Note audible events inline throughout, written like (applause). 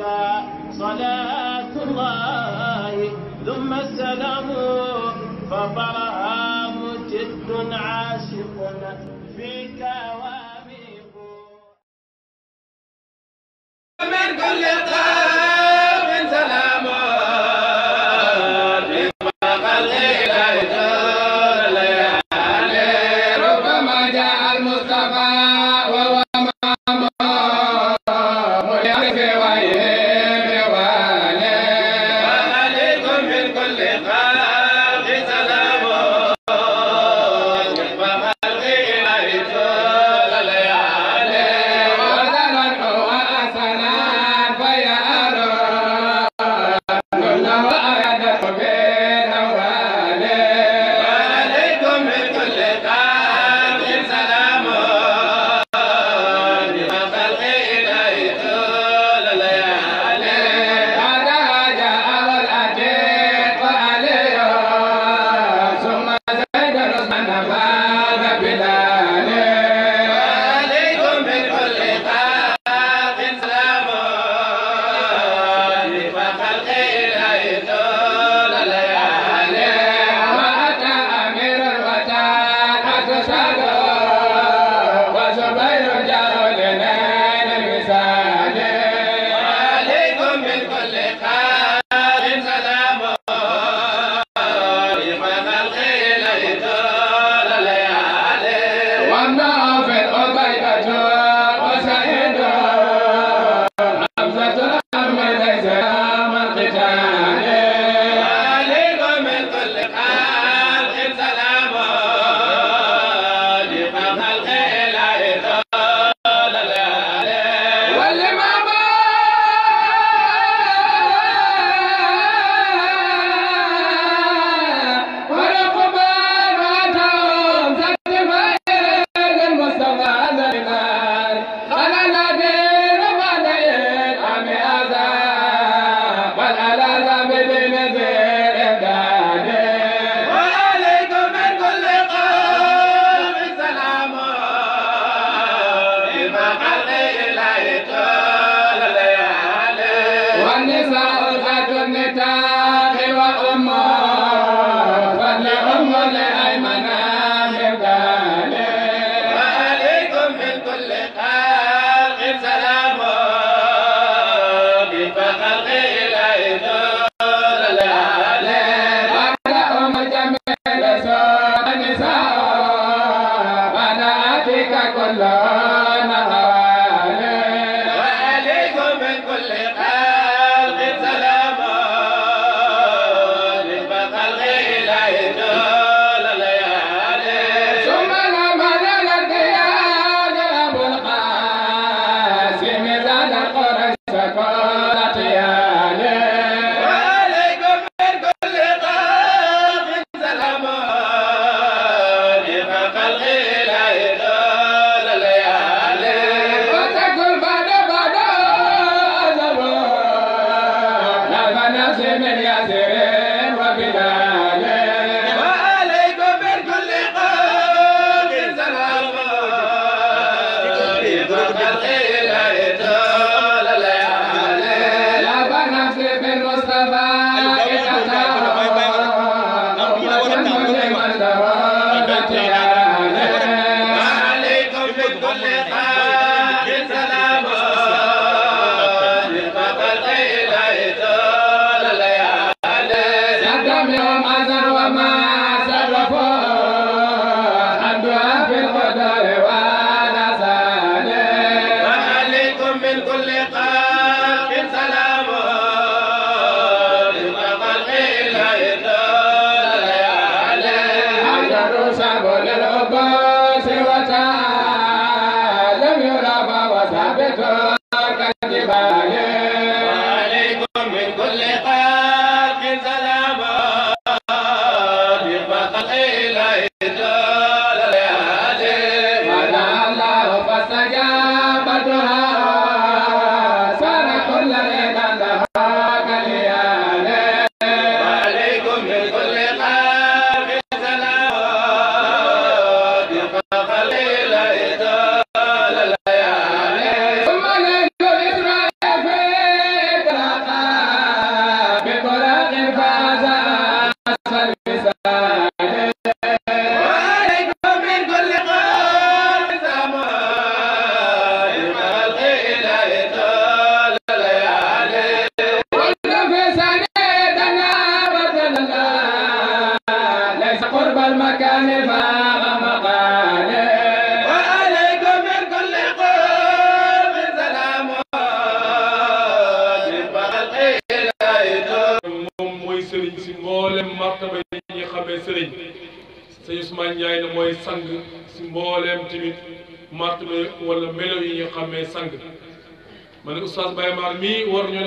عليك صلاة الله ثم السلام فبرهام جد عاشق فيك واميق من كل قلب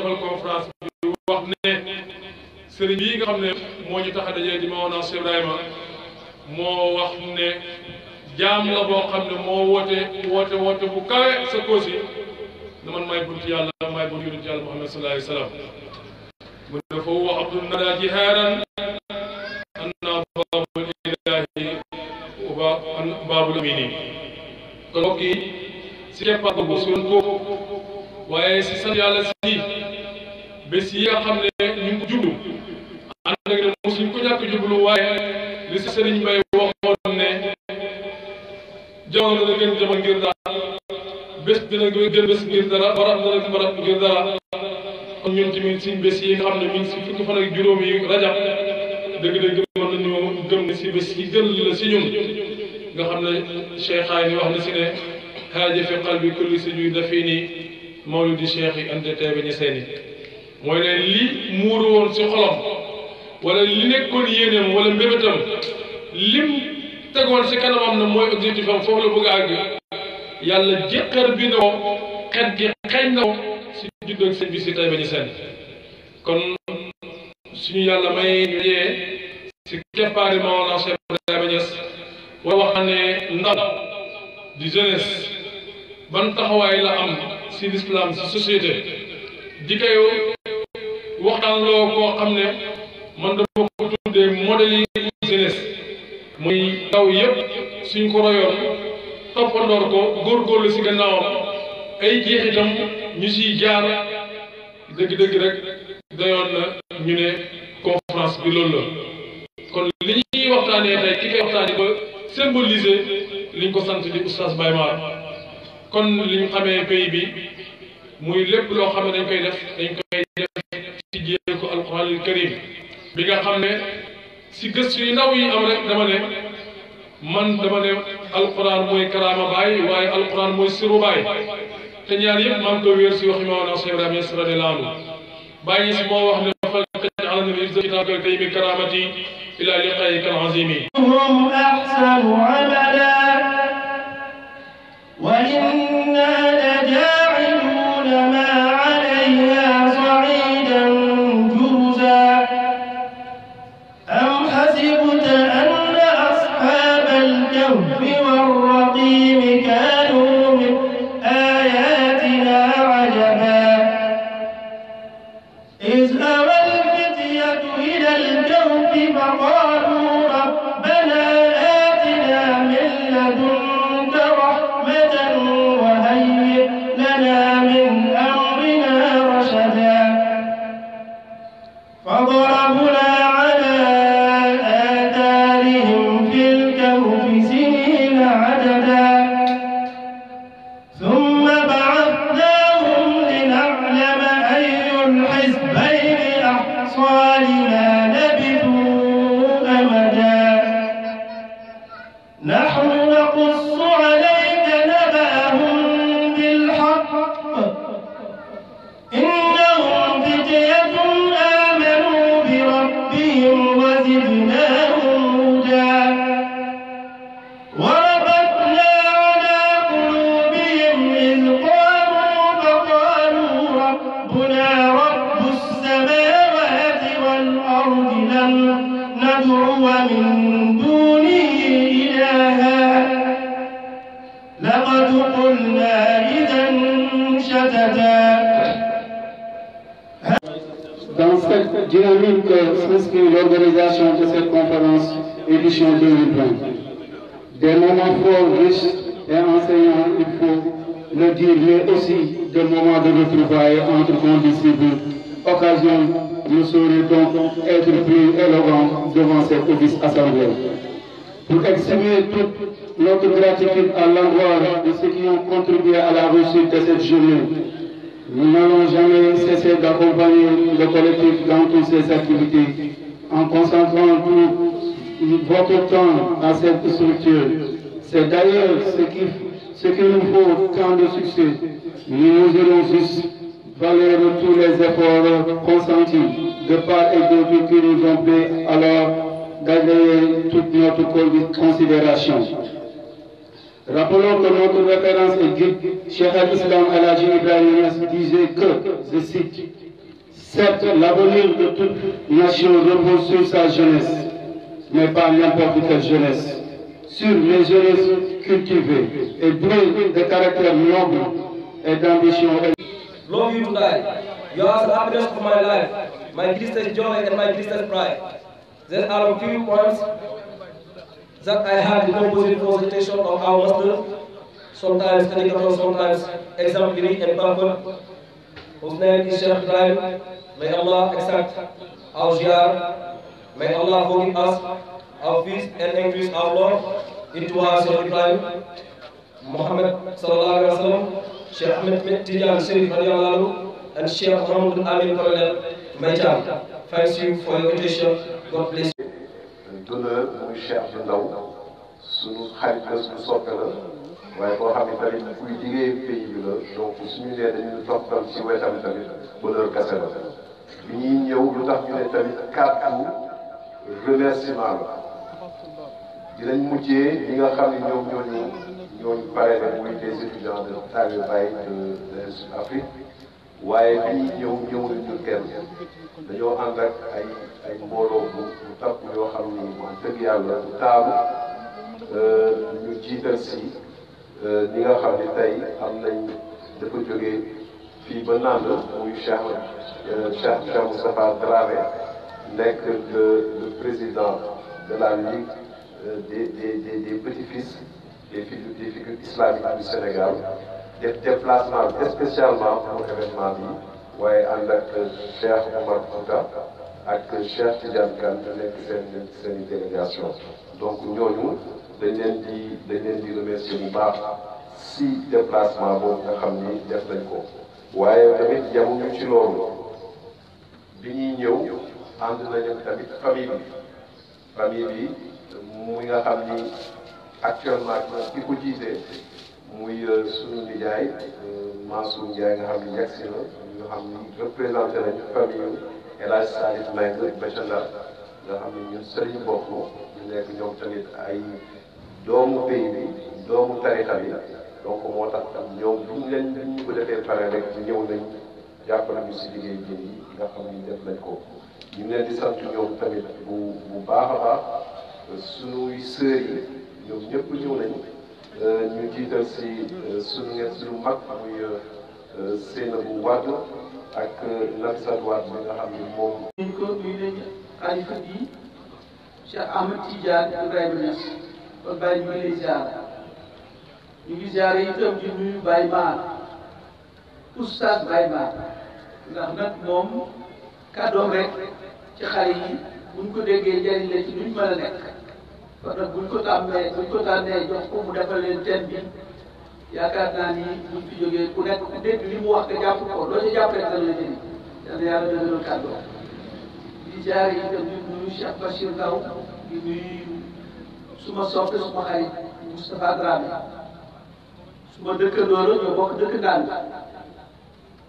defal conférence bi wax ne sëriñ bii nga xam ne moo ñu tax a dajee di Maodo Cheikh Ibrahima moo wax ne jaam la boo xam ne moo woote woote woote bu kawe na man maay bunt yàlla maay bunt yonent yàlla Muhammad sallallahu alayhi wa sallam mu ne fa huwa abdun nada jihaaran anna baabul ilaahi wa baabul amini kon mbokk yi si keppa bu suñ ko waaye si sant yàlla si bés yi nga xam ne ñu ngi ko jublu ànd ak ne mosuñ ko ñàkk jublu waaye li si sëriñ Mbay waxoon ne jamono dana gën jamono ngir dara bés dina gën bés ngir dara barab dana gën barab ngir dara kon ñun tamit bés yi nga xam ne mi ngi si fukki fan ak juróom yi rajab dëgg-dëgg mën ne si bés yi gën la si ñun nga xam ne Cheikh Ayni wax na si ne haaja fi qalbi kulli sujuud dafini mawlidi cheikh yi NDT bi ñu seen yi mooy ne lii muuru woon si xolam wala li nekkoon yéeneem wala mbébétam lim tegoon si kanamam na mooy objectif am foofu la bëgg a àgg yàlla jëkkër bi na ko xet gi xeeñ na ko si juddoog bi si tey ba kon suñu yàlla may ñu yee keppaari Maolana wax ne ndaw di jeunesse ban taxawaay la am si l'islam si société di koy waxtaan loo koo xam ne man dama ko tuddee modèle yi jeunesse muy taw yëpp suñ ko royoon toppandoor ko góorgóorlu si gannaawam ay jeexitam ñu siy jaar dëgg-dëgg rek dayoon na ñu ne conférence bi loolu la kon li ñuy waxtaanee tey ki koy waxtaanee ba symboliser liñ ko sant di oustaz Baye Mar kon li ñu xamee pay bi muy lépp loo xam ne dañ koy def dañ koy def ci jéego alquranul karim bi nga xam si gëstu yu ndaw yi am rek dama ne man dama ne alquran mooy karaama baay waaye alquran mooy siru baay te ñaar yëpp maa ngi ko wéer si waxi Maodo Cheikh Ibrahima Niass radiyallaahu anhu bàyyi si moo wax ne fal xëj ala nabi ibsa kitaabal karimi karaamati ila liqaayika al azimi hum ahsanu amala وإنا dynamique que s'inscrit l'organisation de cette conférence édition 2020. Des moments forts, riches et enseignants, il faut le dire, mais aussi des moments de retrouvailles entre condisciples. Occasion ne saurait donc être plus élégant devant cette auguste assemblée. Pour exprimer toute notre à l'endroit de ceux qui ont contribué à la réussite de cette journée, Nous n'allons jamais cesser d'accompagner le collectif dans toutes ses activités en consacrant votre temps à cette structure. C'est d'ailleurs ce qui, ce nous faut tant de succès. Nous nous irons juste valoir tous les efforts consentis de part et d'autre qui nous ont fait alors d'agréer toute notre considération. Rappelons que notre référence et guide, Cheikh al-Islam Alaji Ibrahim disait que, je cite, Certes, l'avenir de toute nation repose sur sa jeunesse, mais pas n'importe quelle jeunesse. Sur les jeunesses cultivées et douées de caractère noble et d'ambition. Love you guys. You are the happiness my life, my greatest joy and my greatest pride. These are a few points that I had decomposing consultation of our master, sometimes caricature, sometimes exemplary and perfect, whose name is Sheikh Ibrahim. May Allah accept our jihad. May Allah forgive us our peace and increase our love into our Sheikh Ibrahim. Muhammad sallallahu alayhi wa sallam, Sheikh Ahmed Tijan Sharif radiallahu and Sheikh Muhammad Amin Parallel Maitan. Thanks you for your attention. God bless you. d'honneur muy Cheikh bu ndaw suñu xarit la suñu soppe la waaye koo xam ne tamit kuy liggéey pays bi la donc suñu lu tax ñu ne tamit kàddu remerciement la dinañ mujjee li nga xam ne ñoom ñooñu ñooñu pare na muy des étudiants de Taïba Baye de de l'Institut waaye bi ñuy ñëw ñëw kenn dañoo ànd ak ay mbooloo bu bu takku yoo xam ne wax dëgg yàlla bu taaru euh, jiital si euh, ñi nga xam ne tey am nañ dafa jógee fii ba naan muy Cheikh euh, Cheikh Cheikh Moustapha Dramé nekk le le président de la Ligue des des des des petits-fils des figures des figures islamiques Sénégal def déplacement spécialement pour événement bi waaye ànd ak Cheikh Omar Fouta. ak Cheikh Tidiane Kane te nekk seen seen délégation donc ñooñu dañ leen di dañ leen di remercier bu baax si déplacement boobu nga xam ni def nañ ko waaye tamit yamuñu ci loolu bi ñuy ñëw ànd nañu tamit famille bi famille bi muy nga xam ni actuellement ki ko jiite muy euh, sunu nijaay euh, Mansour Ndiaye nga xam ni yegg si na ñu xam ni représenté nañu famille El Hadj Sadio Touré Bachar nga xam ne ñun sëriñ bopp ñu nekk ñoom tamit ay doomu pays bi doomu tarixa bi donc moo tax tam ñoom duñ leen ñu ko defee pare rek ñëw nañ jàppale ñu si liggéey bi xam ni def nañ ko. ñu ngi leen di tamit bu bu baax a baax suñuy sœurs yi ñoom ñëpp ñëw nañ euh, ñu jiital si suñu ngeen suñu mag muy euh, Seynabou Wade. ak lan satwaat bi nga xam ne moom. ñu ko ñu ne xalifa bi Cheikh Ahmed Tidiane Ibrahima Niass kon bàyyi ñu ngi lay ziar ñu ngi ziar itam di nuyu Baye Mar oustaz Baye Mar ndax nag moom kàddoom rek ci xale yi buñ ko déggee njëriñ la ci luñ mën a nekk kon nag buñ ko tàmmee ko tànnee jox ko leen teen bi. yaakaar naa ni buñ fi jógee ku ku dégg li mu wax te jàpp ko loo ci jàpp rek dana la jëriñ yal na yàlla dëgëral kàddu di jaar yi itam suma soppe suma xarit Moustapha suma dëkkandoo la ñoo bokk dëkk ndaan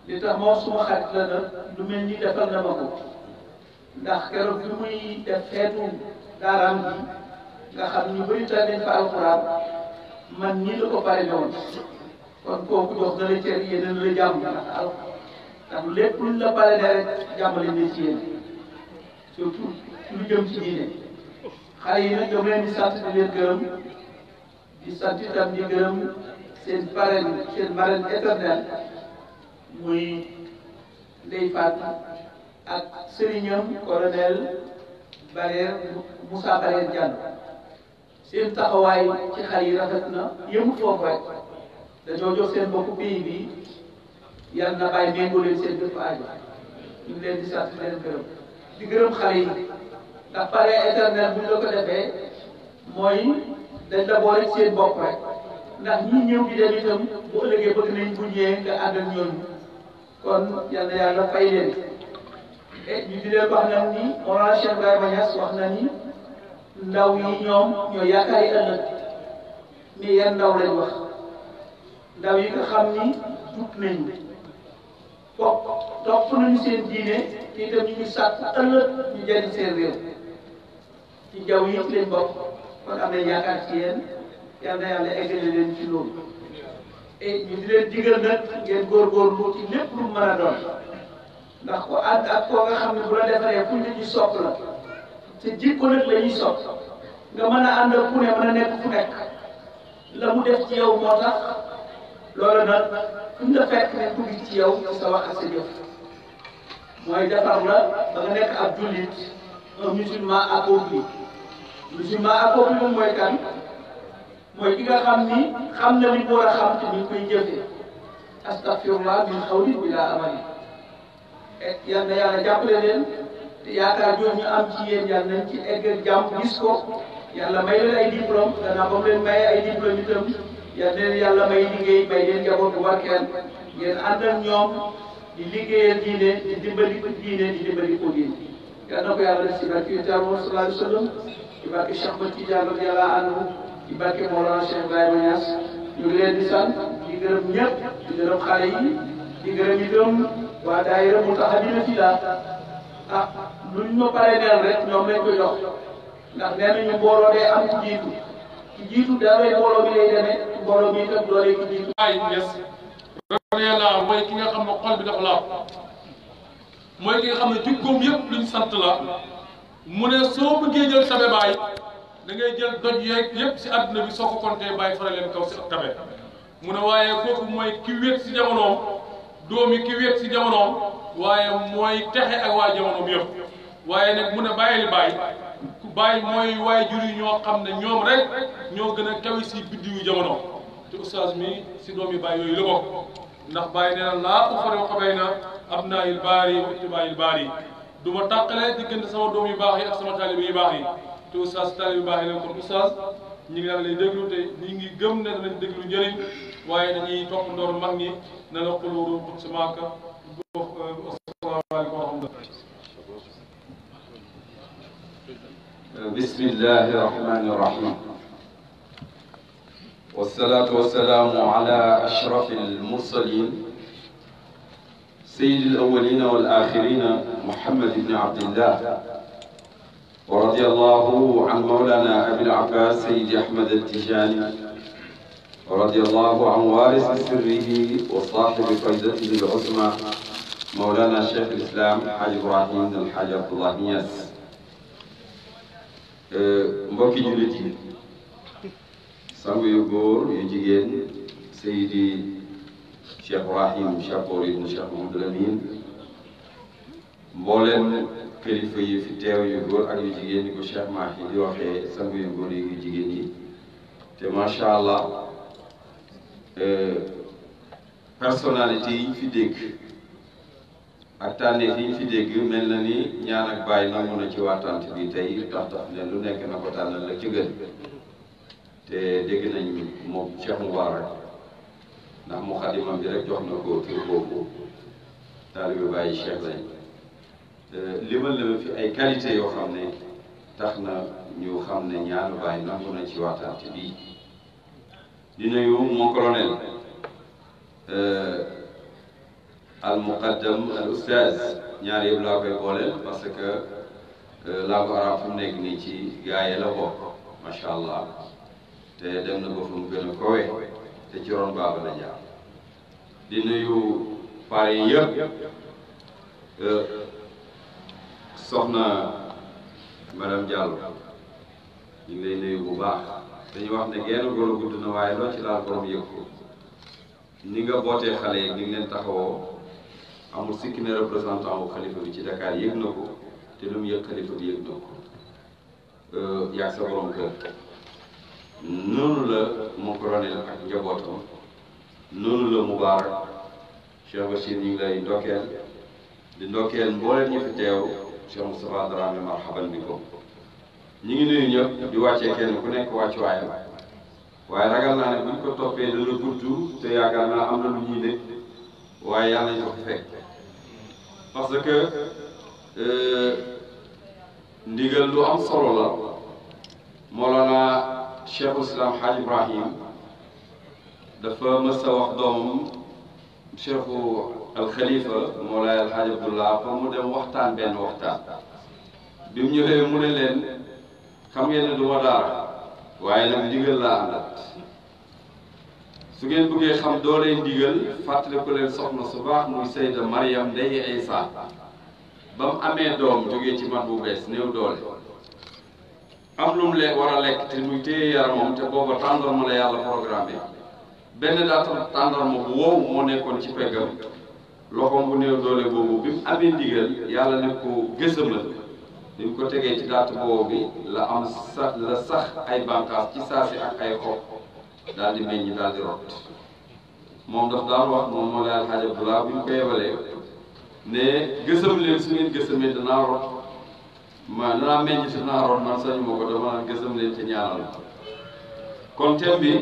li tax moom suma xarit la na lu mel ni ma ko ndax keroog bi muy def xeetu daaraam bi nga xam ñu bëri tànn nañ fa alxuraan man nii la ko pare woon kon kooku jox la cër yéen la jàmm ndax al ndax lépp luñ la pare rek jàmbale ne ci yéen surtout lu jëm ci diine xale yi nag ñoom leen sant di leen gërëm di sant itam di gërëm seen parrain seen marraine éternel muy Ndeye Fatou ak sëriñam colonel Barère Moussa Barère Diagne seen taxawaay ci xar yi rafet na yëmu foofu rek dañoo jox seen bopp pays bi yal na bàyyi méngoo leen seen dëpp aajo ñu ngi leen di sant leen gërëm di gërëm xar yi ndax pare éternel bu ñu la defee mooy dañ la seen bopp rek ndax ñu ñëw di dem itam bu ëllëgee bëgg nañ bu ñëwee nga ànd ak ñooñu kon yal na yàlla fay leen ñu di leen wax nag ni Mawlana Cheikh Ibrahima Niass wax na nii ndaw yi ñoom ñoo yaakaar yi ëllëg ni yan ndaw lañ wax ndaw yi nga xam ni jub nañu topp topp nañu seen diine te itam ñu ngi sàkk ëllëg ñu jëriñ seen réew ci jaww yi lañ bokk kon am nañ yaakaar ci yéen yal na yàlla eggale leen ci loolu ñu di leen digal nag ngeen góorgóorlu ci lépp lu mën a doon ndax ko ànd ak koo nga xam ne bu la defaree ku ne ñu sopp la te jikko nag la ñuy sopp nga mën a ànd ak ku ne mën a nekk fu nekk la mu def ci yow moo tax loolu nag fu mu fekk ne ku ngi ci yow sa wax ak sa jëf mooy defar la ba nga nekk ab jullit un musulman accompli musulman accompli moom mooy kan mooy ki nga xam ni xam na li mu war a xam te ñu koy jëfee astaghfirullah min xawli bila amali et eh, yal na yàlla jàppale leen yaakaar jooju ñu am ji yéen yàlla nañ ci egg jàmm gis ko yàlla may leen ay diplôme danaa ba mu leen maye ay diplôme itam yal na leen yàlla may liggéey may leen njaboot bu barkeel ngeen àndal ñoom di liggéeyal diine di dimbali diine di dimbali ko diine yal ko yàlla def ci barke yu taamu sallallahu alayhi wa sallam ci barke Cheikh a Tidiane radiyallahu anhu ci barke Mawlana Cheikh Ibrahima Niass ñu ngi di sant di gërëm ñëpp di gërëm xale yi di gërëm itam waa daayira Moutahabina Fillah ah luñ ma paree neel rek ñoom lañ koy jox ndax nee nañu mbooloo day am ci jiitu ci jiitu dafay mbooloo bi mbooloo bi itam doole ay des rëy laa mooy ki nga xam ne xol bi dafa laaw mooy ki nga xam ne jikkoom yëpp luñ sant la mu ne soo bëggee jël tabe baay da ngay jël doj yeeg yëpp si àdduna bi soo ko compter bàyyi faral leen kaw si tabe mu ne waaye kooku mooy ki wéet si jamonoom doomi ki wéet si jamonoom. waaye mooy texe ak waa jamonoom yëpp waaye nag mun a bàyyi li bàyyi ku bàyyi mooy waaye jur yi ñoo xam ne ñoom rek ñoo gën a kawe si biddiwu jamono te oustaz mi si doom yi bàyyi yooyu la bokk ndax bàyyi nee na laa ufarriqu bayna abnaa'il baari wa itbaa'il baari du ma tàqale diggante sama doom yu baax yi ak sama taalibe yu baax yi te oustaz taalibe yu baax yi la kon oustaz ñi ngi daan lay déglu te ñu ngi gëm ne danañ déglu njëriñ waaye nañ topp ndoor mag ñi ne la xuluuru xut بسم الله الرحمن الرحيم والصلاة والسلام على أشرف المرسلين سيد الأولين والآخرين محمد بن عبد الله ورضي الله عن مولانا أبي العباس سيد أحمد التجاني ورضي الله عن وارث سره وصاحب فائدته العظمى Mawlana Cheikh Islam Hadj Ibrahim al Hadj Abdullah Niass eh, mbokki jullit yi sang yu góor yu jigéen Seydi Cheikh Ibrahim Chapour ibn Cheikh Mouhamadul Amin mbooleen kilifa yi fi teew yu góor ak yu jigéen ñi ko Cheikh Mahi di waxee sang yu góor yu jigéen yi te macha allah eh, personnalité yi fi dégg. ak tànneef yi ñu fi dégg mel na ni ñaan bàyyi nangu na ci waxtaan bi tey ndax tax ne lu nekk na ko tànnal la ci gën te dégg nañ moom Cheikh Moubarak ndax mu xadimam bi rek jox na ko tur boobu taalibe bàyyi Cheikh lañ limal na fi ay yoo xam ne tax na ñu xam ne ñaanu bàyyi nangu na ci waxtaan bi di nuyu mon colonel. Euh, al muqaddam ñaar yëpp laa koy booleel parce que euh, làngu arab fu nekk nii ci gaaye la bokk macha allah te dem na ba fu mu a kowe te ci ron baaba la jaar di nuyu pare yëpp euh, soxna madame Diallo ñu ngi lay nuyu bu baax dañu wax ne genn góor a gudd na waaye loo ci laal borom yëg ko ni nga bootee xale yi ni nga leen taxawoo amul sikki ne représentant wu xalifa bi ci Dakar yëg na ko te lu mu yëg xalifa yëg na ko yaag sa borom kër noonu la mu colonel ak njabootam noonu la Moubarak ndokkeel di ndokkeel mbooleem ñu fi teew Cheikh Moustapha marhaban bi ko ñu ngi nuyu ñëpp di wàccee kenn ku nekk wàccuwaayam waaye ragal naa ne buñ ko toppee dana gudd te yaakaar naa am na lu ñuy nekk waaye yàlla parce que euh, ndigal lu am solo la Mawlana Cheikhul Islam Hadj Ibrahim dafa mës wax doomam Cheikhu alxalifa Mawlaay Alxaaj Abdullah pour mu dem waxtaan benn waxtaan bi mu ñëwee mu ne leen xam ngeen ne daara waaye nag ndigal laa àndat su ngeen bëggee xam doo leen digal fàttaliku leen soxna su baax muy Seyda Mariam Ndeye Aïssa ba mu amee doom jógee ci man bu bees néew doole am lu mu lekk war a lekk te muy téye yaramam te booba tàndarma la yàlla programme benn daata tàndarma bu wow moo nekkoon ci peggam loxoom bu néew doole boobu bi mu amee ndigal yàlla ne ko gësamal bi mu ko tegee ci daata boobu bi la am sa la sax ay bànqaas ci saasi ak ay xob daal di meññ daal di rot moom daf daan wax moom moo laal xaajab bu laa bu ñu ko yebalee ne gësam leen su ngeen gësamee danaa rot ma danaa meññ te danaa rot man sañu ma ko dama gësam leen te ñaanal kon thème bi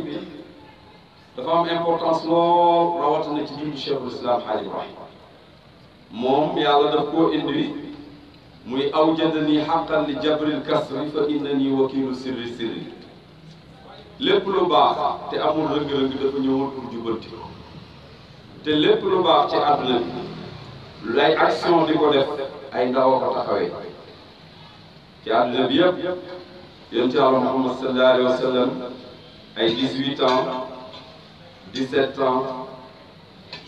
dafa am importance lool rawatina ci dundu cheikhul islam xaaj Ibrahim moom yàlla daf koo indi muy aw jënd nii xaqan li jabril kasri fa inna nii wakiilu sirri sirri lépp lu baax te amul rëng-rëng dafa ñëwoon pour jubbanti ko te lépp lu baax ci àdduna bi lay action di ko def ay ndaw ko taxawee ci àdduna bi yëpp yonent Yàlla Muhammad sallallahu alayhi ay dix-huit ans dix-sept ans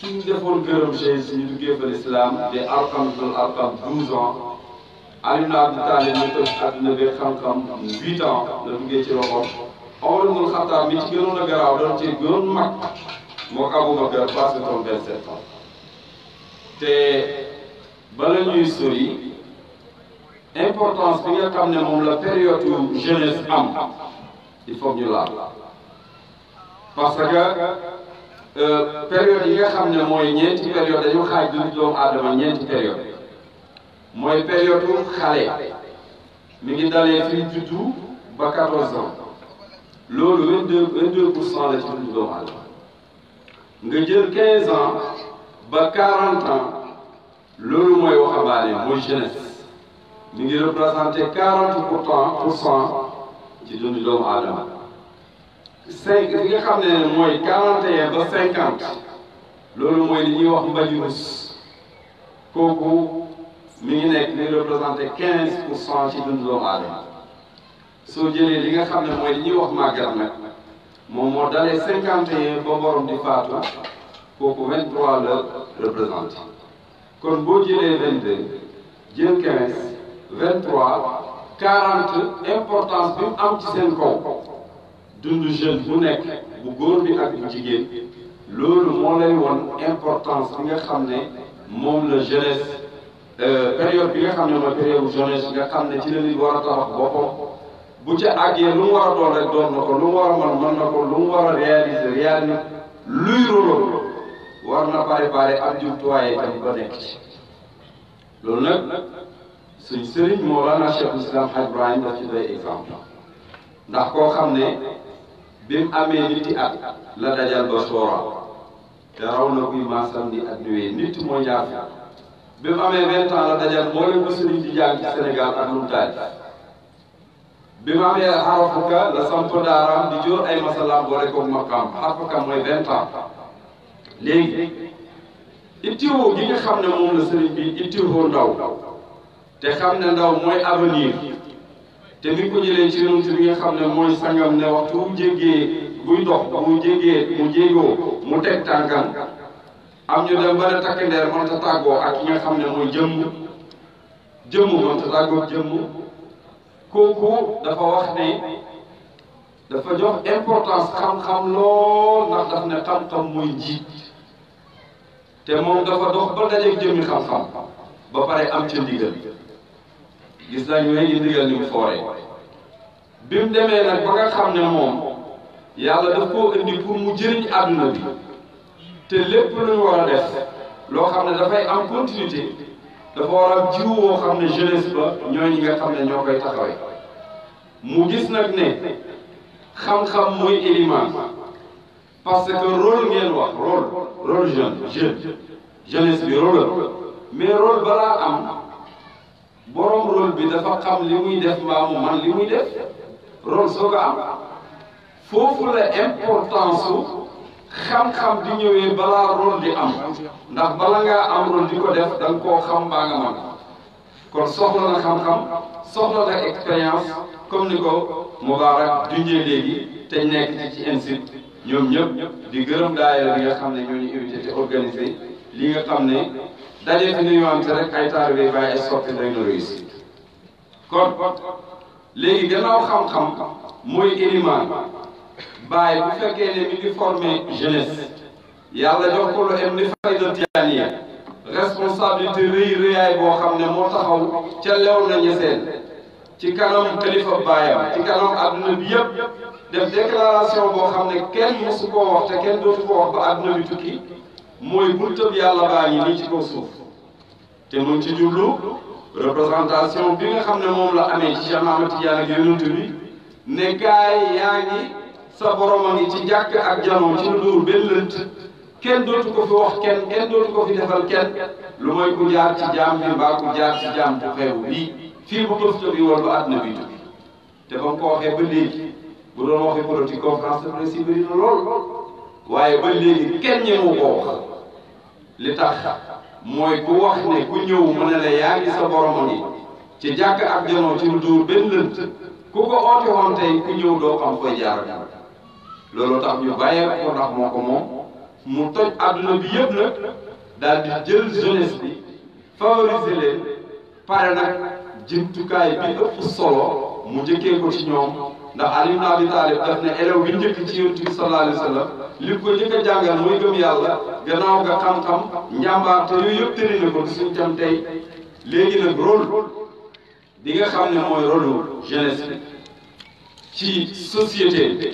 suñ defoon gërëm chey suñu duggee fa l'islam di Arqam dul douze ans Ali ibn Abi Talib ñu àdduna bi xam-xam huit ans la duggee ci loxoom Omar ibn Khattab mi ci gënoon a garaaw doon ci gënoon mag moo Aboubacar passé toon vingt-sept ans te bala ñuy importance bi nga xam ne moom la période yu jeunesse am il faut ñu laal parce que euh, période yi nga xam ne mooy ñeenti période dañu xaaj lu doomu aadama ñeenti période mooy période yu xale mi ngi dalee fii juddu ba 14 loolu vingt deux vingt deux pour cent la ci dundu doomu aadama nga jël quinze ans ba quarante ans loolu mooy waxambaane mooy jeunesse mi ngi représenté quarante pour cent ci dundu doomu cinq nga xam ne mooy quarante et ba cinquante loolu mooy li wax mbañu rus mi ngi nekk mi représenté quinze pour cent ci dundu doomu soo jëlee li nga xam ne mooy li ñuy wax màggat nag moom moo dalee cinquante et un ba borom di faatu kooku vingt trois la représenté kon boo jëlee vingt deux jël quinze trois quarante importance bi am ci seen kaw dund jeune bu nekk bu góor bi ak bu jigéen loolu moo lay won importance bi nga xam ne moom la jeunesse euh, période bi nga xam ne mooy période jeunesse nga xam ne ci la nit war a tabax boppam bu ca àggee lu mu war a na ko lu mu war a mën mën na ko lu mu war a réaliser luy roloon war na préparer ab jumtuwaay itam ba nekk ci loolu nag suñ sëriñ Mawlana Islam Hadj Ibrahim daf ci doy exemple ndax koo xam ne bi mu at la dajal ba soora te raw na kuy maasam ni at ñëwee nit moo ñaar bi mu amee vingt la dajal moo leen ko sëriñ di jàng ci Sénégal bi mu amee xarafu ka la samp daaraam di jur ay masalaam boole ko makkaam xarafu ka mooy vingt ans léegi ittiwoo gi nga xam moom la sëriñ bi ittiwoo ndaw te xam ne ndaw mooy avenir te mi ngi ko jëlee ci yonent bi nga xam ne mooy sangam ne waxtu bu jéggee buy dox bu jéggee mu jéegoo mu teg tànkam am ñu dem ba ne takk ndeer mënta ak ki nga mooy jëmm jëmm mënta tàggoo jëmm kooku dafa wax ni dafa jox importance xam-xam lool ndax daf ne xam-xam mooy njiit te moom dafa dox ba dajeeg jëmmi xam-xam ba pare am ca ndigal gis nañu ne yi ni mu fooree bi mu demee nag ba nga xam ne moom yàlla daf koo indi pour mu jëriñ àdduna bi te lépp lu ñu war a def loo xam ne dafay am continuité dafa war a jiw woo xam ne jeunesse ba ñooy ñi nga xam ne ñoo koy taxawee mu gis nag ne xam-xam mooy élément parce que rôle ngeen wax rôle rôle jeune jeune jeunesse bi rôle la mais rôle balaa am borom rôle bi dafa xam li muy def mbaa mu man li muy def rôle soo am foofu la importance xam-xam di ñëwee balaa rôle di am ndax bala ngaa am rôle di ko def da koo xam baa nga man kon soxla na xam-xam soxla na expérience comme ni ko Moubarak junjee léegi te nekk ci INSID ñoom ñëpp di gërëm daayira bi nga xam ne ñoo ñu invité te organisé li nga xam ne daje fi nuyuwante rek ay taalibe bàyyi ay soppi day na réussi kon léegi gannaaw xam-xam mooy élément bàyyi bu fekkee ne mi ngi formé jeunesse yàlla jox ko lu em ni fayda tijaaniya responsabilité rëy rëyaay boo xam ne moo taxaw ca lew na ci kanam kalifa baayam ci kanam adduna bi yëpp def déclaration boo xam ne kenn mosu koo te kenn dootu ko wax bi tukki mooy buntab yàlla baa ngi nii ci kaw suuf te mun ci jublu représentation bi nga xam ne moom la amee ci Cheikh Ahmad Tidiane ak yonent bi ne gaay yaa ngi sa borom a ngi ci jàkk ak janoom ci lu dul benn lënt kenn dootu ko fi wax kenn kenn dootu ko fi defal kenn lu mooy ku jaar ci jaam bi mbaa ku jaar ci jaam bu xeebu bii fii bu tëf tëf yi woon ba àdduna bi te ba mu ko waxee ba léegi bu doon waxee politique conférence de presse yi bëri waaye ba léegi kenn ñëwu koo wax li ku wax ne ku ñëw mu ne la yaa sa borom ngi ci jàkk ak janoo ci lu dóor benn lënt ku ko oote woon tey ku ñëw doo xam koy jaar looloo tax ndax moo ko moom mu toj àdduna bi yëpp nag daal jël jeunesse bi favoriser leen pare nag jëmtukaay bi ëpp solo mu njëkkee ko ci ñoom ndax Ali ibn Abi Talib daf ne élève bi njëkk ci yonent bi li ko njëkk a mooy gëm yàlla gannaaw nga xam-xam njàmbaar te yooyu yëpp tëri na ko gisuñ tam tey léegi nag rôle bi nga xam ne mooy rôle jeunesse bi ci société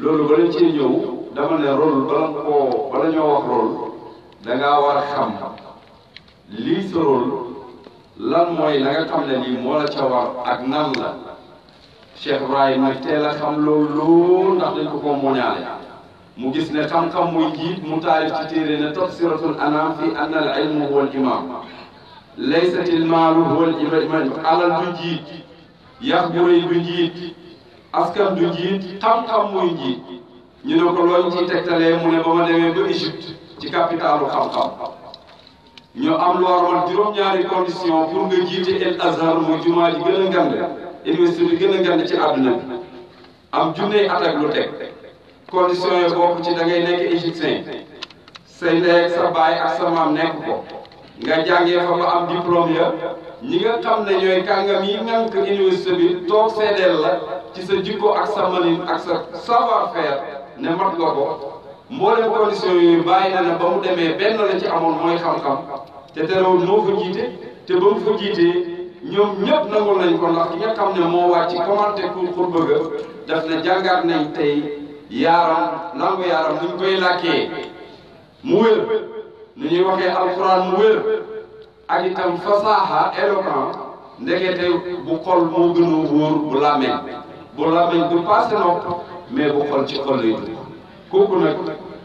loolu ba la cee ñëw dama ne rôle bala nga koo bala ñoo war a xam lii sa lan mooy la nga ne lii moo la ca war ak nan la Cheikh Ibrahima nag teel a loolu ndax dañ ko ko moñaale mu gis ne xam-xam muy jiit mu taalif ci téere ne tafsiratul anam fi anna al ilmu huwa imam laysatil maalu huwa imam alal du jiit yax bu askan du njiit xam-xam mooy njiit ñu ne ko loolu ci tegtalee mu ne ba ma demee ba Égypte ci capitalu xam-xam ñu am looroon juróom-ñaari condition pour nga jiite El Azhar mu jumaa ji gën a ngand université bi gën a ngand ci àdduna bi am junney at ak lu teg condition yi bokk ci da ngay nekk égyptien say ndey ak sa baay ak sa maam nekk ko nga jàngee fa ba am diplôme ya ñi nga xam ne ñooy kàngam yi ngànk université bi toog seedeel la ci sa jikko ak sa mënin ak sa savoir faire ne mat nga ko mboolem condition bàyyi na ne ba mu demee benn la ci amoon mooy xam-xam te terewul moo fa te ba mu fa jiitee ñoom ñëpp nangul nañ ko ndax ki nga xam ne moo wàcc commenté pour pour bëgg daf na jàngaat nañ tey yaaram nangu yaaram nuñ koy làkkee mu wér nu ñuy waxee alquran mu wér ak itam fasaaxa éloquent ndekete bu xol moo gën a wóor bu làmmee pour la bañ du passé nopp mais bu xol ci xol lay kooku nag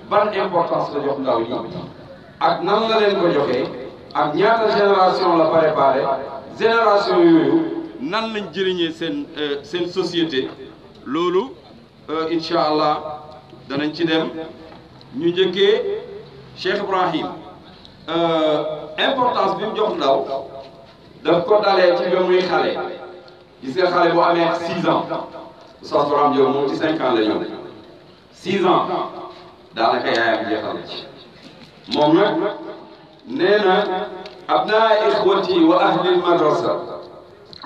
ban importance la jox ndaw ñi ak nan la leen ko joxee ak ñaata génération la préparé génération yooyu nan lañ jëriñee seen euh, seen société loolu euh, incha allah danañ ci dem ñu njëkkee Cheikh Ibrahim euh, importance bi mu jox ndaw daf ko dalee ci ba muy xale gis nga xale bu amee 6 ans Oustaz Boram Diop moom ci cinq ans la ñëw six daanaka yaayam jeexal ci moom nag nee na abnaa ixwati wa ahlil madrasa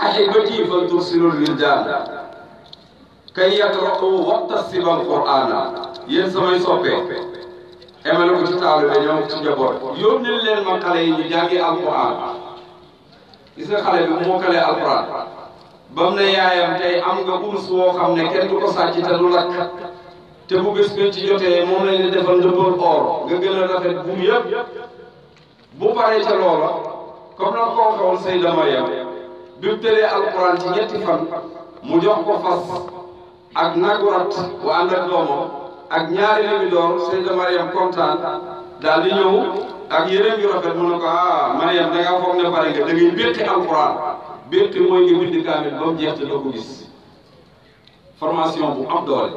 ahibati fa tursilul wildan kay yatraqu wattasiba alqur'ana yéen samay soppee emale ko ci taalu ba ñëw ci njaboot yónnil leen ma xale yi ñu jàngi alquran gis nga xale bi moo kalee alquran ba mu ne yaayam tey am nga wurus woo xam ne kenn du ko sàcc te du lakk te bu gis gën ci jotee moom lañ la defal ndëppal or nga gën rafet buum yëpp bu paree ca loola comme na ko waxee woon Sayda Mariam bi mu tëree alquran ci ñetti fan mu jox ko fas ak nagu rat bu ànd ak doomam ak ñaari lemi door Sayda kontaan daal di ñëw ak yéreem yu rafet mu ne ko ah Mariam da ngaa foog ne pare nga da ngay bétti alquran. mbir mi mooy nga bind kaamil ba mu gis formation bu am doole.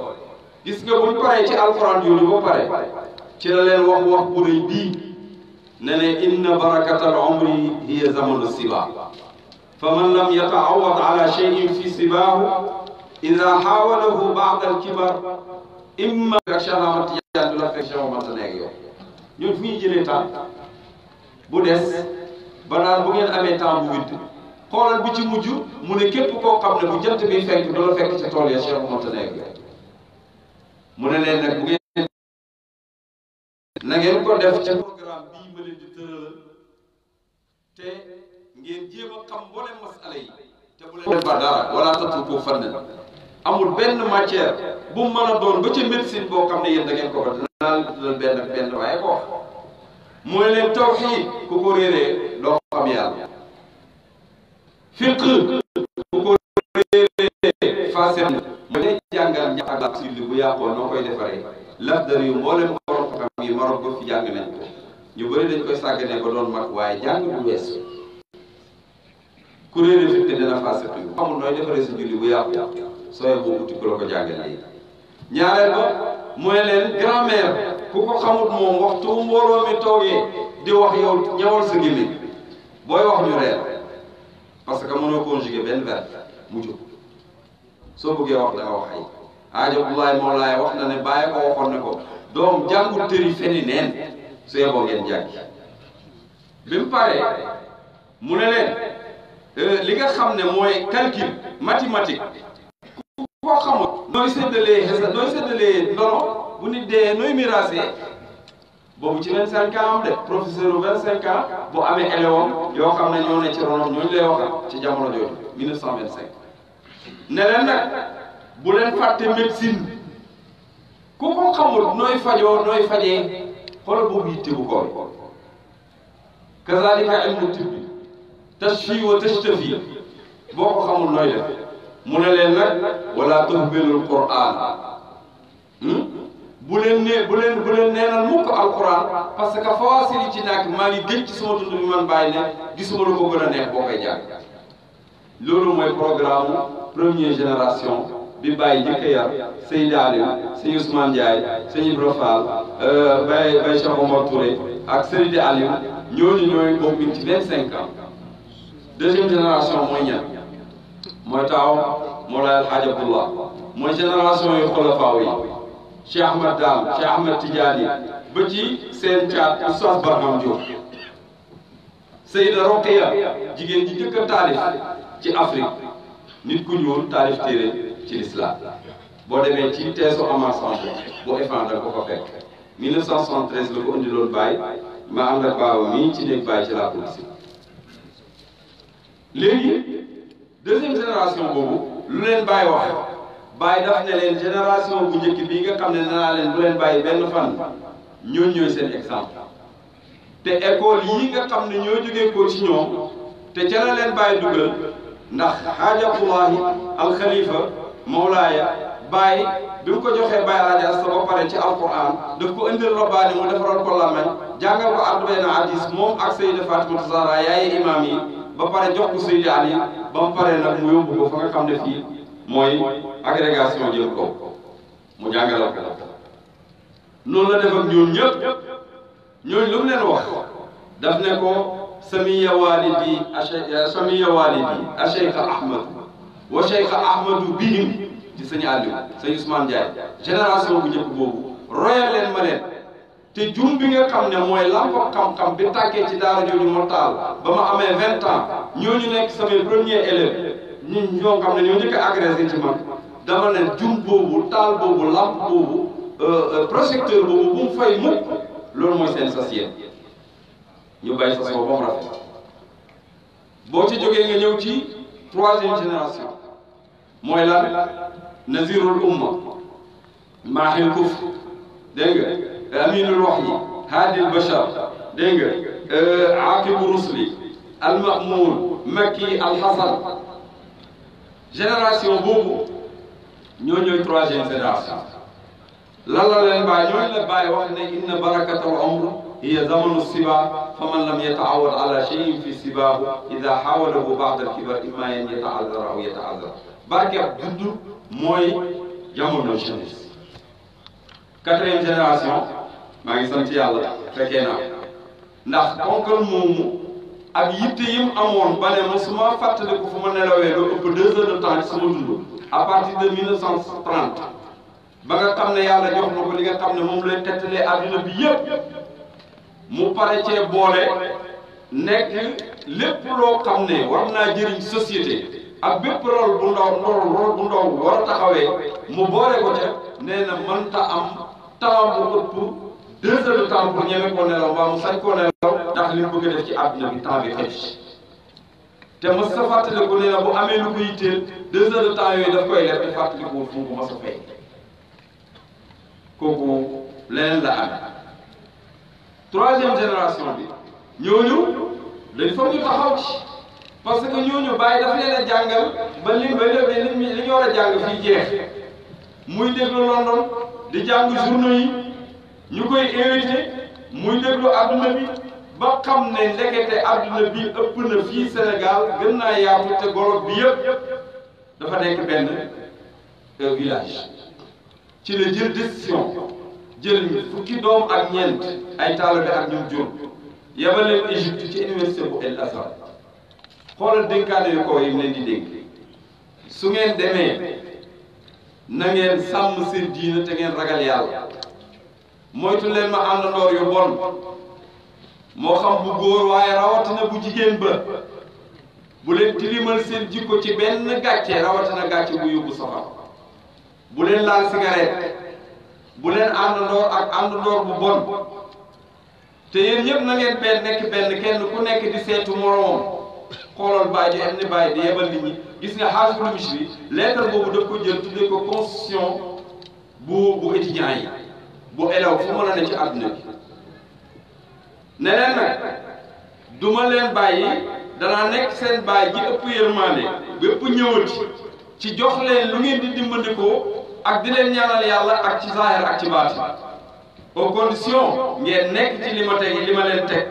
gis nga buñ paree ci alxuraan yooyu ba pare ci la wax wax bu rëy bii ne ne inna barakatal umri hiya zamanu siba fa man lam yataawad ala cheyin fi sibaahu ida xaawalahu baada alkibar imma ak chalamat yaan bu des ba bu ngeen amee temps bu xoolal bu ci mujj mu ne képp koo xam ne bu jant bi fenk du la fekk ca tool ya Cheikh Montenegro mu ne leen nag bu ngeen na ngeen ko def ca programme bii ma leen di te ngeen jéem a xam mboolem masala yi te bu leen ba dara wala tatlubu fannan amul benn matière bu mu a doon ba ci médecine boo xam ne yéen da ngeen ko ba dinaa la benn benn waaye ko wax mu ne leen tawhiid ko réeree doo xam yàlla fiq bu ko réeree faase mu lay jàngal njàpp ak làpp si li bu yàqoo noo koy defaree Laxdari yu mboolem borom xam yi maroon ko fi jàng nañ ko ñu bëri dañ koy sàgganee ba doon mag waaye jàng bu wees ku réeree fiq te dana faase yu xamul nooy defaree si julli bu yàqu sooy bu uti ku la ko jàngalee ñaareel ba mooy leen grammaire ku ko xamut moom waxtu mbooloo mi toogee di wax yow ñëwal sa gémmiñ booy wax ñu reer parce que mënoo conjuguer benn verbe mu jóg soo bëggee wax da wax ay aajabulaay moolaay wax na ne bàyyi ko waxoon ne ko doom jàngu tëri feni neen su yeboo ngeen jàngi bi mu paree mu ne leen euh, li nga xam ne mooy calcul mathématique ku ko xamul nooy séddalee xesa nooy séddalee ndono bu nit dee nooy miraasee boobu ci 25 ans am de professeur bu 25 bu amee élève yoo xam ne ñoo ne ci ronom ñooñu lay waxal ci jamono jooju 1925 ne leen nag bu leen fàtte médecine ku ko xamul nooy fajee xoolal boobu yitte bu koor kazalika ilmu tibbi tashfi wa tashtafi boo ko xamul nooy def mu ne leen nag wala tuhbilul quran hmm? bu leen nee bu leen bu parce que fawaasir yi ci nekk maa ngi gëj ci sama dund bi man bàyyi ne gisuma lu ko gën a neex boo koy loolu mooy programme première génération bi bàyyi jëkk yar sëñ Daaliou sëñ Ousmane Ndiaye sëñ Ibra Fall bay euh, bay Cheikh Omar Touré ak Serigne Aliou ñooy bokk ci vingt cinq ans deuxième mooy ñan mooy taaw Mawlaay Alhaaj Abdullah mooy génération yu xolafaaw yi Cheikh Ahmed Daal Cheikh Ahmed Tidiane ba ci seen caat Oustaz Barham Diop Seyda Roqiya jigéen ji njëkk a taalif ci Afrique nit ku ñuul taalif téere ci l'islam boo demee ci teesu Amar boo effan da ko fa fekk 1973 la ko indiloon Baye ma ànd ak baaw ci néeg Baye ci laa ko gis lu leen Baye wax bàyyi daf ne leen génération bu njëkk bii nga xam ne nanaa leen bu leen bàyyi benn fan ñooñu ñooy seen exemple te école yi nga xam ne ñoo jógee ko ci ñoom te ca la leen bàyyi dugal ndax xaajatullahi alxalifa mawlaaya bàyyi bi mu ko joxee bàyyi raja sa ba pare ci alquran daf ko indil rabbaani mu defaral ko làmmeñ jàngal ko ardu benn hadis moom ak Sayida Fatimatu Zahra yaaye imaam yi ba pare jox ko Sayida Ali ba mu paree nag mu yóbbu ko agrégation jël ko mu jàngalal ko noonu la def ak ñoom ñëpp ñooñu lu mu leen wax daf ne ko samiya walidi a samiya walidi a cheikh wa cheikh ahmadu bihim di sëñ Aliou sëñ Ousmane Ndiaye génération bu njëkk boobu royal leen ma leen te jum bi nga xam ne mooy lampo xam-xam bi tàggee ci daara jooju mortal ba ma amee vingt ans ñooñu nekk samay premier élève ñoo xam ne ñoo njëkk agrégé ci man dama leen jum boobu taal boobu lampe boobu euh, euh, projecteur boobu bu mu fay mukk loolu mooy seen ñu bàyyi sas boobu ba mu rafet boo ci jógee nga ñëw ci troisième génération mooy lan nazirul umma maahil kuf dégg nga aminul wax yi haadil bashar dégg nga euh, aaqibu rusli almamun makki alxasan génération boobu ñoo ñooy troisième fédération lan la leen bàyyi ñooñu la bàyyi wax ne inna barakatal umr hiya zamanu siba a man lam yataawad ala cheyin fi sibaahu ida xaawalahu baada alkibar imma yen yataazara aw yataazara barkeb dudd mooy jamono jeunesse quatrième maa ngi sant yàlla fekkee naa ndax ponkal moomu ak yitte yim amoon ba ne ma su ma fàttaliku fu ma nelawee lu ëpp deux heures de à partir de 1930 ba nga xam ne yàlla jox na ko li nga xam ne moom lay tettalee àddina bi yépp mu pare cee boole nekk lépp loo xam ne war naa jëriñ société ak bépp rôle bu ndaw rôle bu ndaw war a taxawee mu boole ko ca nee na mënta am temps bu ëpp deux heures de temps ñeme ko nelaw mbaa mu sañ ko nelaw ndax li bëgg a def ci àddina bi temps bi te mos sa fàttaliku nee bu amee lu ko yitteel deux heures de temps yooyu daf koy lekk fàttaliku woon foofu mos a fay kooku leneen la amee troisième génération bi ñooñu dañ foog ñu taxaw ci parce que ñooñu bàyyi daf leen a jàngal ba li ba léegi li ñu war a jàng jeex muy déglu London di jàng journaux ñu koy invité muy déglu adduna bi. ba xam ne ndekete àdduna bi ëpp na fii Sénégal gën naa yaatu te golob bi yëpp dafa nekk benn euh, village ci la jël décision jël ñu fukki doom ak ñeent ay taalibe ak ñu jur yabal leen Égypte ci université bu El Azhar xoolal dénkaane ko yi mu leen di dénk su ngeen demee na ngeen sàmm seen diina te ngeen ragal yàlla moytu leen ma àndandoor yu bon moo xam bu góor waaye rawatina bu jigéen ba bu leen tilimal seen jikko ci benn gàcce rawatina gàcce bu yóbbu safar bu leen laal cigarette bu leen àndandoor ak àndandoor bu bon te yéen ñëpp na ngeen benn nekk benn kenn ku nekk di seetu moroomam xoolal bàyyi ji am ni bàyyi di yebal nit ñi gis nga xaalis bu miche bi lettre boobu daf ko jël tuddee ko constitution bu bu yi bu élève fu mën a ne ci àdduna bi ne nag du ma leen bàyyi danaa nekk seen baay ji ëpp yërmaande bépp ñëwati ci jox leen lu ngeen di dimbandikoo ak di leen ñaanal yàlla ak ci zaahir ak ci baati aux conditions ngeen nekk ci li ma li ma leen teg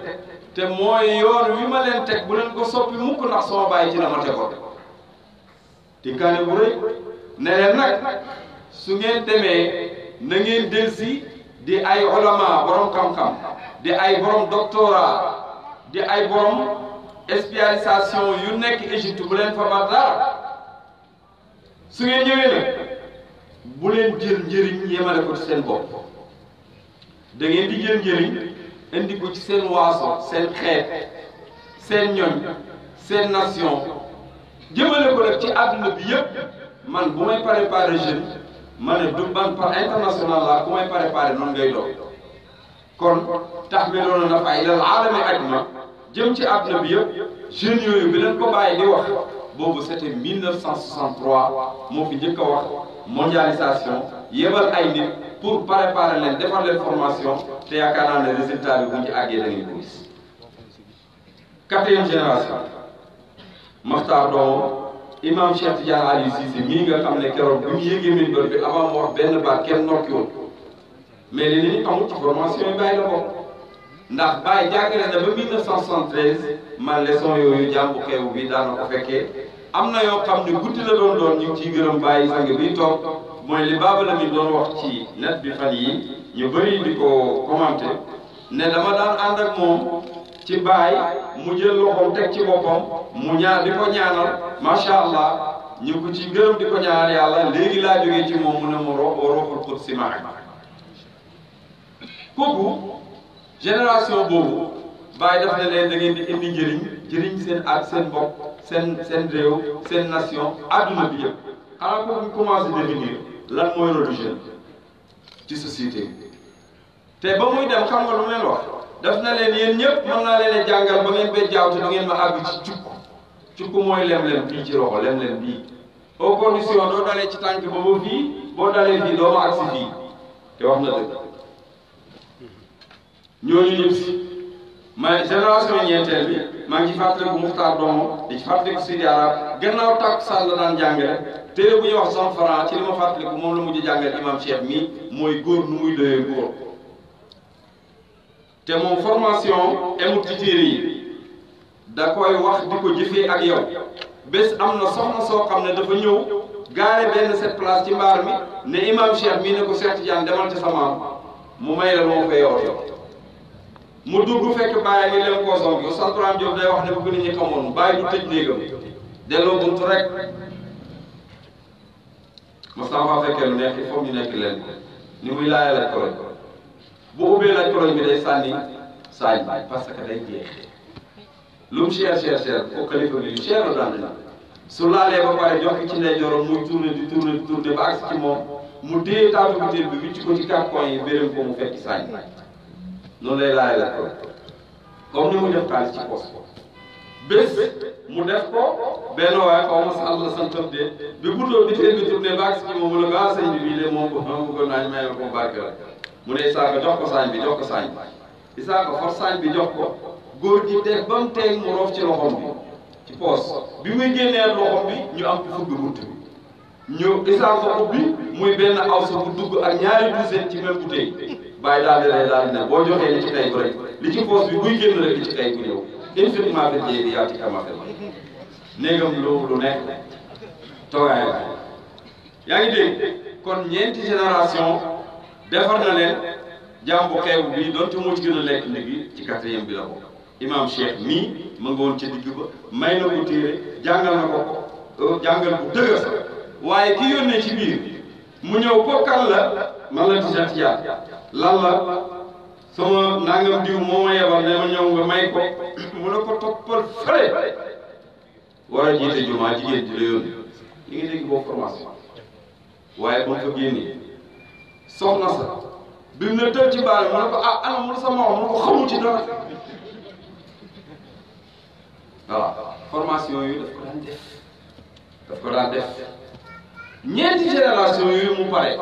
te mooy yoon wi ma leen teg bu leen ko soppi mukk ndax sama bàyyi ci la ma tegoon bu rëy ne nag su ngeen demee na ngeen delsi di ay ulama borom xam-xam di ay borom doctorat di ay borom spécialisation yu nekk Égypte bu leen fa mat dara su ngeen ñëwee nag bu leen jël njëriñ yemale ko ci seen bopp da di jël njëriñ indi ko ci seen waaso seen xeet seen ñoñ seen nation jëmale ko nag ci àdduna bi yépp man bu may préparé jeune ma ne du ban par international la bu may préparé noonu ngay doon. kon taxmiloona nafa ilal aalami ajma jëm ci àdduna bi yëpp jeunes yooyu bi leen ko bàyyi di wax boobu c'était 1963 moo fi njëkk a wax mondialisation yebal ay nit pour préparer leen defar leen formation te yaakaar naa ne résultat bi buñ ci àggee da ngeen ko gis. quatrième génération Maxtaar Doomo imam Cheikh Tidiane Aliou Cissé mii nga xam ne keroog bi mu yéegee minbar bi avant mu wax benn baat kenn nokki woon mais li ñu amul ci formation Baye la bokk ndax Baye jàngale na ba 1973 man leçon yooyu jàmbu xew bi daan na ko fekkee am na yoo xam ne guddi la doon doon ñu ngi ciy gërëm Baye sang bi toog mooy li la Lamine doon wax ci net bi fan yi ñu bëri di ko commenté ne dama daan ànd ak moom ci Baye mu jël loxoom teg ci boppam mu ñaar di ko ñaanal macha allah ñu ko ci gërëm di ko ñaanal yàlla léegi laa jógee ci moom mu ne mu roxul xut kooku génération boobu bàyyi dafa ne leen da ngeen di indi njëriñ njëriñ seen ak seen bopp seen seen réew seen nation adduna bi yëpp xanaa kooku ñu commencé définir lan mooy rôle jeune ci société te ba muy dem xam nga lu mu leen wax daf na leen yéen ñëpp mën naa leen a jàngal ba ngeen bay jaaw te da ngeen ma àgg ci cukk cukk mooy lem-lem bii ci roxo lem bii au condition doo dalee ci tànk ba ba boo dalee fii doomu ma agsi fii te wax na dëgg ñooñu ñëpp si ma génération ñeenteel bi maa ngi ci fàttaliku Muxtaar Domo di ci fàttaliku Sidi Arab gannaaw tàkk sàll la daan jàngale téere bu ñuy wax cent franc ci li ma fàttaliku moom la mujj jàngale imam Cheikh mi mooy góor nu muy doyee góor te moom formation emut ci téere yi da koy wax di ko jëfee ak yow bés am na soxna soo xam ne dafa ñëw gaare benn set place ci mbaar mi ne imam Cheikh mii ne ko Cheikh Tidiane demal ci sa mu may la moo ko yow mu dugg fekk bàyyi ni leen koo soog yow sant Birame Diop day wax ne bu nit ñi xamoon bàyyi du tëj néegam delloo buntu rek ma sama fekkee lu nekk foog ñu nekk leen ni muy laajee laaj koloñ bu ubbee laaj koloñ bi day sànni saaj parce que day jeex lu mu cher cher cher au califa bi yu su laalee ba pare jox ki ci ndeyjooram muy tourné di tourné di tourné ba agsi ci moom mu dee taatu butéel bi wicc ko ci quatre coins yi béréb ko mu fekk saaj noonu lay laaj la ko comme ni mu def xaalis ci poche bés mu def ko benn waaye xaw ma sax la de bi buddoo bi tey bi tourné baax si moom mu ne ba sëñ bi de moom la ko barke mu ne Isaaka jox ko saañ bi jox bi jox ko gi teg ba ci loxom bi ci poos bi muy génnee loxom bi ñu am ku fugg bunt bi ñu Isaaka ubbi muy benn aw sa bu dugg ak ñaari douzaine ci même bouteille bàyyi daal di lay daal di ne boo joxee li ci tey ko rek li ci poos bi buy génn rek li ci tey ku ñëw infiniment bi jee bi yaa ci nekk toogaay la yaa ngi dégg kon ñeenti génération defar na leen jaam bu xeebu bi donte moo ci gën a lekk léegi ci quatrième bi la ko imam Cheikh mii ma nga woon ca digg ba may na ko téere jàngal na ko jàngal bu dëgër waaye ki yónnee ci biir mu ñëw bokkal la man la Tijaan Tijaan lan la sama nangam diw moo ma yebal ne ma ñëw nga may ko mu ne ko toppal fële war a jiite jumaa jigéen ji la yónni li ngi dégg boo formation waaye ba mu fa génnee sa bi mu ne tël ci baal mu ne ko ah ana mu ne sa maam mu ne ko xamu ci dara voilà formation yooyu daf ko daan ko daan ñeenti génération yooyu mu pare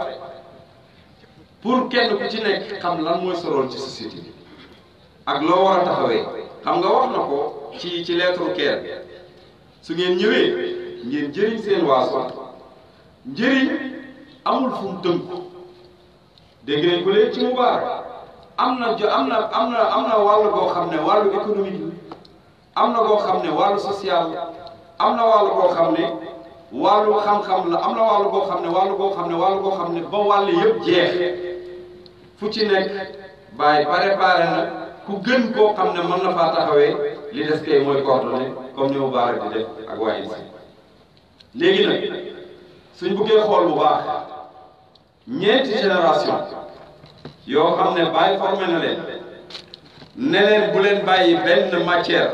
pour kenn ku ci nekk xam lan mooy soroon ci société bi ak loo war a taxawee xam nga wax na ko ci ci lettre Caire su ngeen ñëwee ngeen jëriñ seen waaso njëriñ amul fu mu tënku dégg nañ ci mu baar am na jo am na am na am na wàll goo xam ne wàllu économique am na boo xam ne wàll social am na wàll boo xam ne wàllu xam-xam la am na wàllu boo xam ne wàllu boo xam ne wàllu boo xam ne ba wàll yëpp jeex fu ci nekk bàyyi préparé na ku gën koo xam ne mën na faa taxawee li des kay mooy coordonné comme ni mu baara di def ak waaye si léegi nag suñ buggee xool bu ñeenti génération yoo xam ne bàyyi formé na leen ne bu leen bàyyi benn matière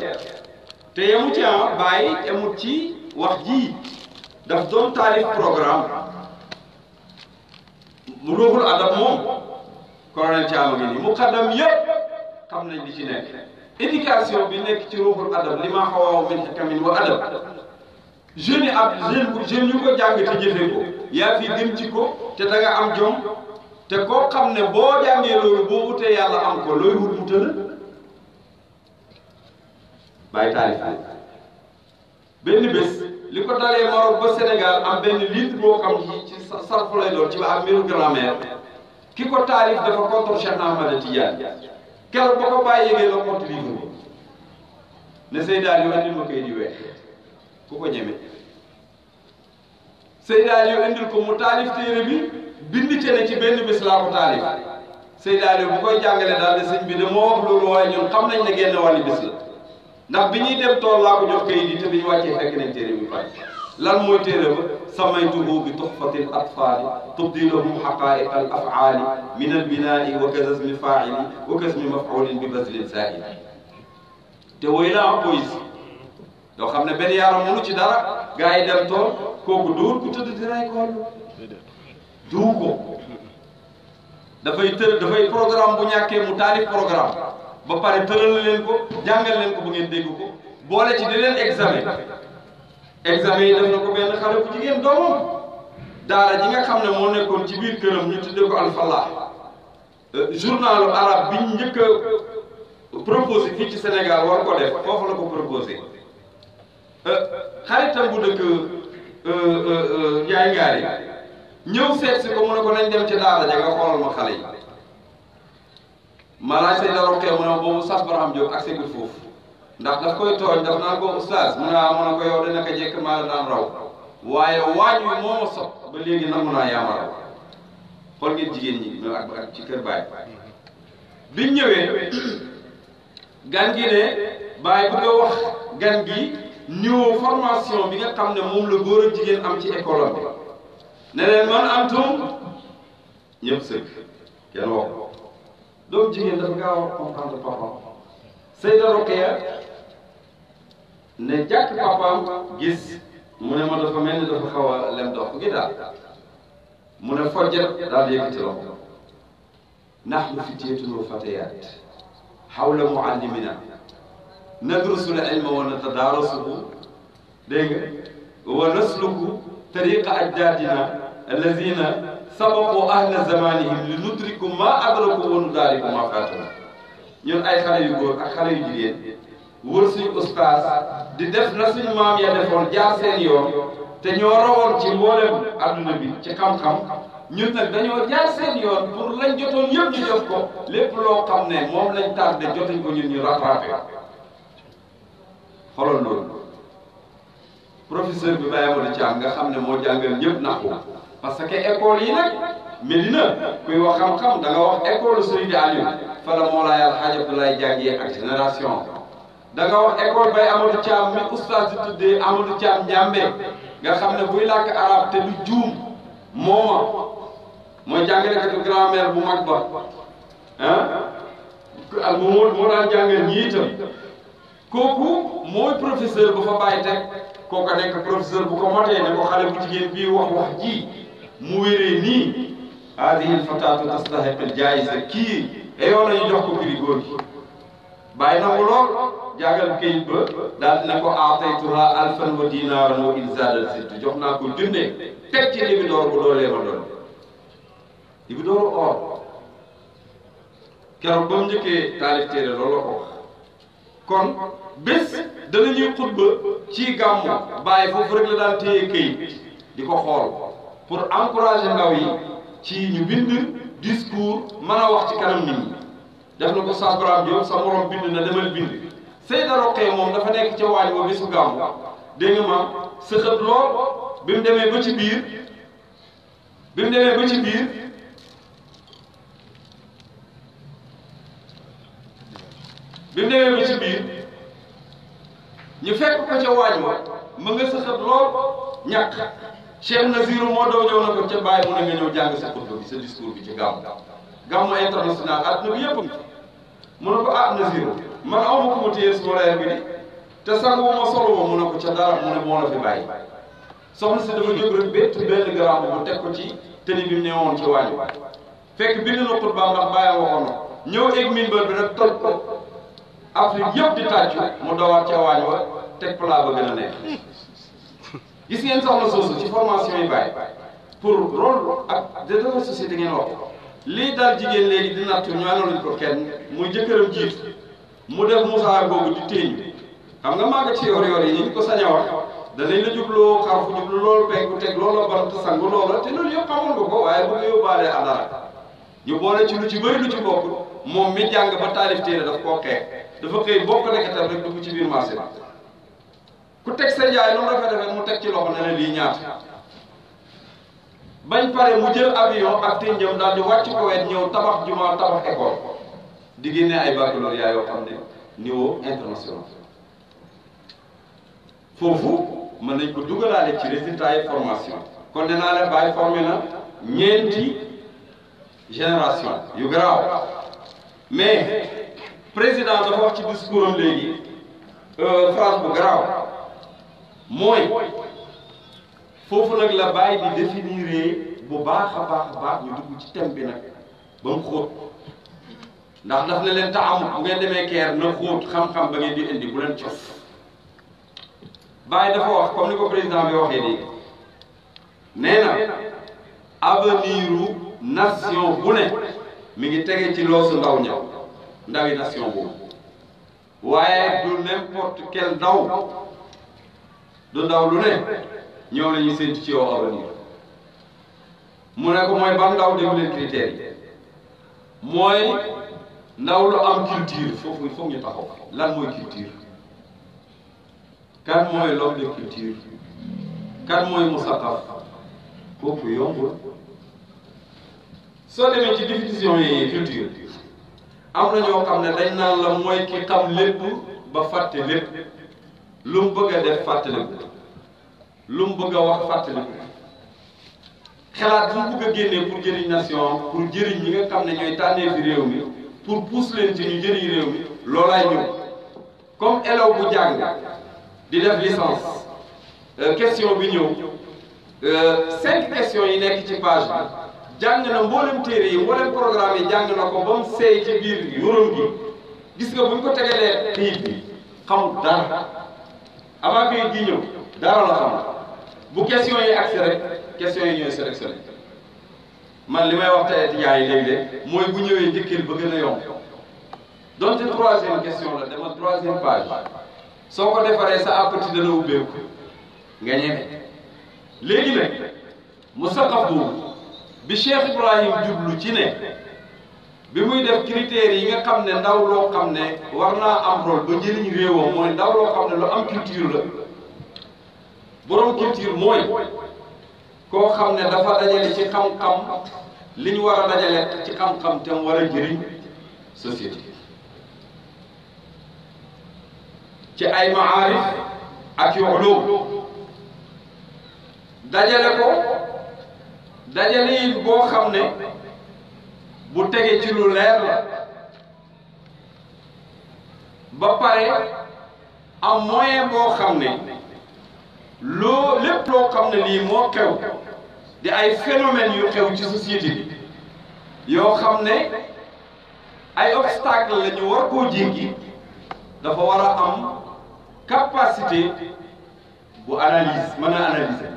te yemu ci ah bàyyi yemut ci wax ji daf doon taalif programme mu ruuxul adab moom colonel Thiam ngi nii muqaddam yëpp xam nañ li ci nekk éducation bi nekk ci ruuxul adab li ma xawaaw min hikamin wa adab jeune ab jeune ñu ko jàng te jëfe ko yaa fi gën ci ko te da am jom te koo xam ne boo jàngee loolu boo utee yàlla am ko looy wut mu tëna bàyyi taalif benn bés li ko dalee Maroc ba Sénégal am benn litre boo xam ci ci sarfu lay doon ci ba am ki ko taarif dafa contre Cheikh Ahmad Tidiane keroog ba ko bàyyi yëgee la contre livre bi ne Seydaal yu ma koy di weex ko ñeme Seydaal yu andil ko mu taalif bi bind ci ci benn bés laa ko taalif Seydaal yu bu koy jàngale daal de sëñ bi de moo wax loolu waaye ñun xam nañ ne genn wàllu bés la ndax bi ñuy dem tool laa ko jox te bi ñu wàccee fekk nañ bi faj lan mooy téere ba samaytuhu bi tuxfatil atfaali tubdiluhum xaqaa'iqa al afaali min al binaa'i wa kasmi faa'ili wa kasmi maf'uulin bi baslin saa'ili te woy naa am xam ne benn yaram mënu ci dara gars yi dem kooku dóor ku tëdd di ray ko dafay tër dafay programme bu ñàkkee mu taalif programme ba pare tëral leen ko jàngal leen ko ba ngeen dégg ko boole ci di leen examen examen yi def na ko benn xale bu jigéen doomam daara ji nga xam ne moo nekkoon ci biir këram ñu tuddee ko alfallah euh, journalu bi ñu njëkk proposé fii ci Sénégal war ko def foofu la ko proposé euh, xaritam bu dëkk euh, Njaay yi ñëw seet si ko mu ne ko nañ dem ci daara ja nga xoolal ma xale yi ma laaj say da roqee boobu sas Barham Diop ak segul foofu ndax daf koy tooñ daf naa ko oustaz mu ne ah ma ne raw waaye waañ wi moo ma sob ba léegi nangu naa yaa raw xool jigéen ñi ñoom ci kër baay biñ ñëwee gan gi ne baay bu nga wax gan gi niveau formation bi nga xam ne moom la góor a jigéen am ci école bi man am tuum ñëpp sëkk kenn wax doom jigéen dafa gaaw a comprendre papa Seyda Roqeya ne jàkk papaam gis mu ne ma dafa mel ni dafa xaw a lem dox gi daal mu ne fojjat daal yëkkati loxo nahnu fityatun wa fatayat hawla muallimina nadrusu l ilma wa natadaarasuhu dégg nga wa nasluku tariqa ajdaadina allazina sabaqu ahla zamanihim li nudriku ma adraku wa nudaariku ma faatana ñun ay xale yu góor ak xale yu jigéen wër suñu ustaas di def na suñu maam ya defoon jaar seen yoon te ñoo rawoon ci mboolem adduna bi ci xam-xam ñun nag dañoo jaar seen yoon pour jotoon yëpp ñu def ko lépp loo xam ne moom lañ tardé jotuñ ko ñun ñu rattrapé xoolal loolu professeur bi bàyyi ma di nga xam ne moo jàngal ñëpp naxu parce que école yi nag Medina kuy wax xam-xam da nga wax école Serigne Aliou fa la Mawlaay Alxaaji Abdoulaye jàngee ak génération da wax école bay Amadou Thiam mi oustaz di tuddee Amadou Thiam Njàmbe nga xam ne buy làkk arab te du juum mooma mooy jàngalekatu grammaire bu mag ba ah mu moo daan jàngal ñii kooku mooy professeur bu fa bàyyi teg kooku nekk professeur bu ko motee ne ko xale bu jigéen bii wax wax ji mu wéree nii haadihi lfataatu tastahiq aljaayisa kii yow la ñu jox ko prix góor gi bàyyi na ko lool jàngal kayit ba daal dina ko aataytuha alfan wa dinaaran wa in zaadat sitt jox naa ko junne teg ci bu doolee ma doon li bi keroog ba mu njëkkee taalif téere loolu la ko wax kon bés danañuy xutba ci gàmmu bàyyi foofu rek la daan kayit di ko xool pour encourager ngaw yi ci ñu bind discours mën a wax ci kanam nit ñi def na ko sa Braham Diop sa na demal bind Seyda moom dafa nekk ca waañ ba bisu gàmmu dégg nga ma sëxët lool bi mu demee ba ci biir bi ci biir ci biir ñu fekk ko ca waañ wa ma nga sëxët lool ñàkk Cheikh Nazirou moo daw ñëw na ko ca bàyyi mu ne nga ñëw jàng sa xutba bi sa discours bi ci gàmm gàmm international àdduna bi yëpp am mu ne ko ah Nazirou man aw ma ko ma téye suma reer te sangu ma solo ma ne ko ca dara mu ne moo la fi bàyyi soxna si dafa jóg rek bétt benn garaam bu teg ko ci bi mu ne woon ci wàññi fekk bind na xutbaam ndax bàyyi waxoon na ñëw egg minbar rek toj ko Afrique yëpp di tàccu mu dawaat ca waañ wa teg plat ba gis ngeen soxna soosu ci formation yi bàyyi pour rôle ak de la société ngeen wax lii daal jigéen léegi di nattu ñaanaluñ ko kenn muy jëkkëram jiitu mu def musaa googu di téeñ xam nga maa ci yor yor yi ñu ko sañ a wax danañ la jubloo xarfu jublu loolu penku teg loolu bant sangu loola te loolu yëpp xamoon nga ko waaye bu ñu yóbbaalee àndara ñu ci lu ci bëri lu ci bokk moom mi jàng ba taalif téere daf koo xeex dafa xëy bokk nekkatam rek dugg ci biir marché bi ku teg sa jaay lu mu rafet rafet mu teg ci loxo ne la lii ñaata bañ pare mu jël avion ak tinjam daal di wàcc Koweït ñëw tabax jumaa tabax école di génne ay baccalauréat yoo xam ne niveau international foofu mën nañ ko dugalaale ci résultat yi formation kon nee naa leen bàyyi formé na ñeenti génération yu garaaw mais président dafa wax ci discours am léegi euh, phrase bu garaaw mooy foofu nag la bàyyi di définir bu baax a baax a baax ñu dugg ci thème bi nag ba mu xóot ndax daf ne leen taamut bu ngeen demee keer na xóot xam-xam ba ngeen di indi bu leen cof bàyyi dafa wax comme ni ko président bi waxee léegi nee na avenir nation bu ne mi ngi tege ci loosu ndaw ña ndawi nation boobu waaye du n'importe quel ndaw du ndaw lu ne ñëw la ñuy séntu ci yow avenir mu ne ko mooy ban ndaw déglu leen critères yi mooy ndaw lu am culture foofu foofu ñu taxaw lan mooy culture kan mooy l'homme de culture kan mooy musaqaf kooku yombul soo demee ci définition yi culture am na ñoo xam ne dañ naan la mooy ki kam lépp ba fàtte lépp. lu mu bëgg a def fàttaliku lu mu bëgg a wax fàttaliku xalaat bu mu bëgg a génnee pour jëriñ nation pour jëriñ ñi nga xam ne ñooy tànnee réew mi pour pousse leen ci ñu jëriñ réew mi loolaay ñëw comme élève bu jàng di def licence euh, question bi ñëw euh, cinq questions yi nekk ci page bi jàng na mboolem téere yi mboolem programme yi jàng na ko ba mu seey ci biir yuróom gi gis nga bu ko tegalee kayit bi xamul dara avant kayit gi ñëw dara xam bu question yi agsi rek question yi ñooy sélectionné man li may wax te étudiants yi léeg-léeg mooy bu ñëwee njëkkeel ba gën a yomb donte troisième question la dama troisième page soo ko defaree sa appétit dana ubbeeku nga ñeme léegi nag mu saqaf boobu bi Cheikh Ibrahim jublu ci ne bi muy def critères yi nga xam ne ndaw loo xam ne war naa am rôle ba njëriñ réewam mooy ndaw loo xam ne lu am culture la borom culture mooy koo xam ne dafa dajale ci xam-xam li ñu war a dajale ci xam-xam te mu war a ci ay maarif ak yu ulum dajale ko dajale yi boo xam ne bu tegee ci lu leer la ba pare am moyen boo xam ne loo lépp loo xam ne lii moo xew di ay phénomènes yu xew ci société bi yoo xam ne ay obstacle la war koo jéggi dafa war a am capacité bu analyse mën a analyser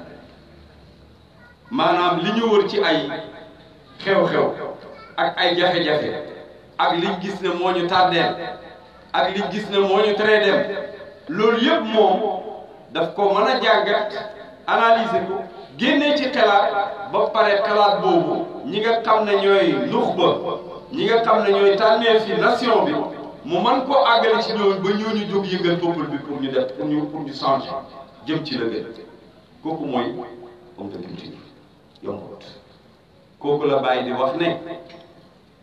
maanaam li ñu wër ci ay xew-xew ak ay jafe-jafe ak li gis ne moo ñu tàddeel ak li gis ne moo ñu tere dem loolu yëpp moom daf ko mën a jàngat analyser ko génnee ci xalaat ba pare xalaat boobu ñi nga xam ne ñooy nuxba ñi nga xam ne ñooy tànnee fi nation bi mu mën koo àggale ci ñoom ba ñooñu jóg yëngal peuple bi pour ñu def pour ñu pour ñu changer jëm ci la kooku mooy homme de culture yombut kooku la bàyyi di wax ne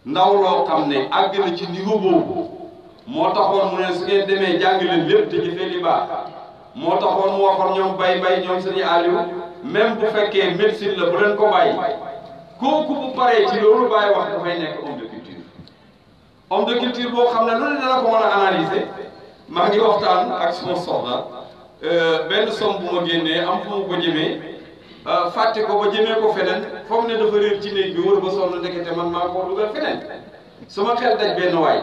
ndaw loo xam ne àgg na ci niveau boobu moo taxoon mu ne su ngeen demee jàng leen lépp te jëfee li baax moo taxoon mu waxoon ñoom bay bay ñoom sëñ Aliou même bu fekkee médecine la bu leen ko bàyyi kooku bu paree ci loolu bàyyi wax dafay nekk homme de culture homme de culture boo xam ne lu ne dana ko mën a analyser maa ngi waxtaan ak suma soxna euh, benn somme bu ma génnee am fu ma ko jëmee Euh, fàtte ko ba jëmee ko feneen foog ne dafa réer ci néeg bi wër ba sonn ndekete man maa koo dugal feneen sama xel daj benn waay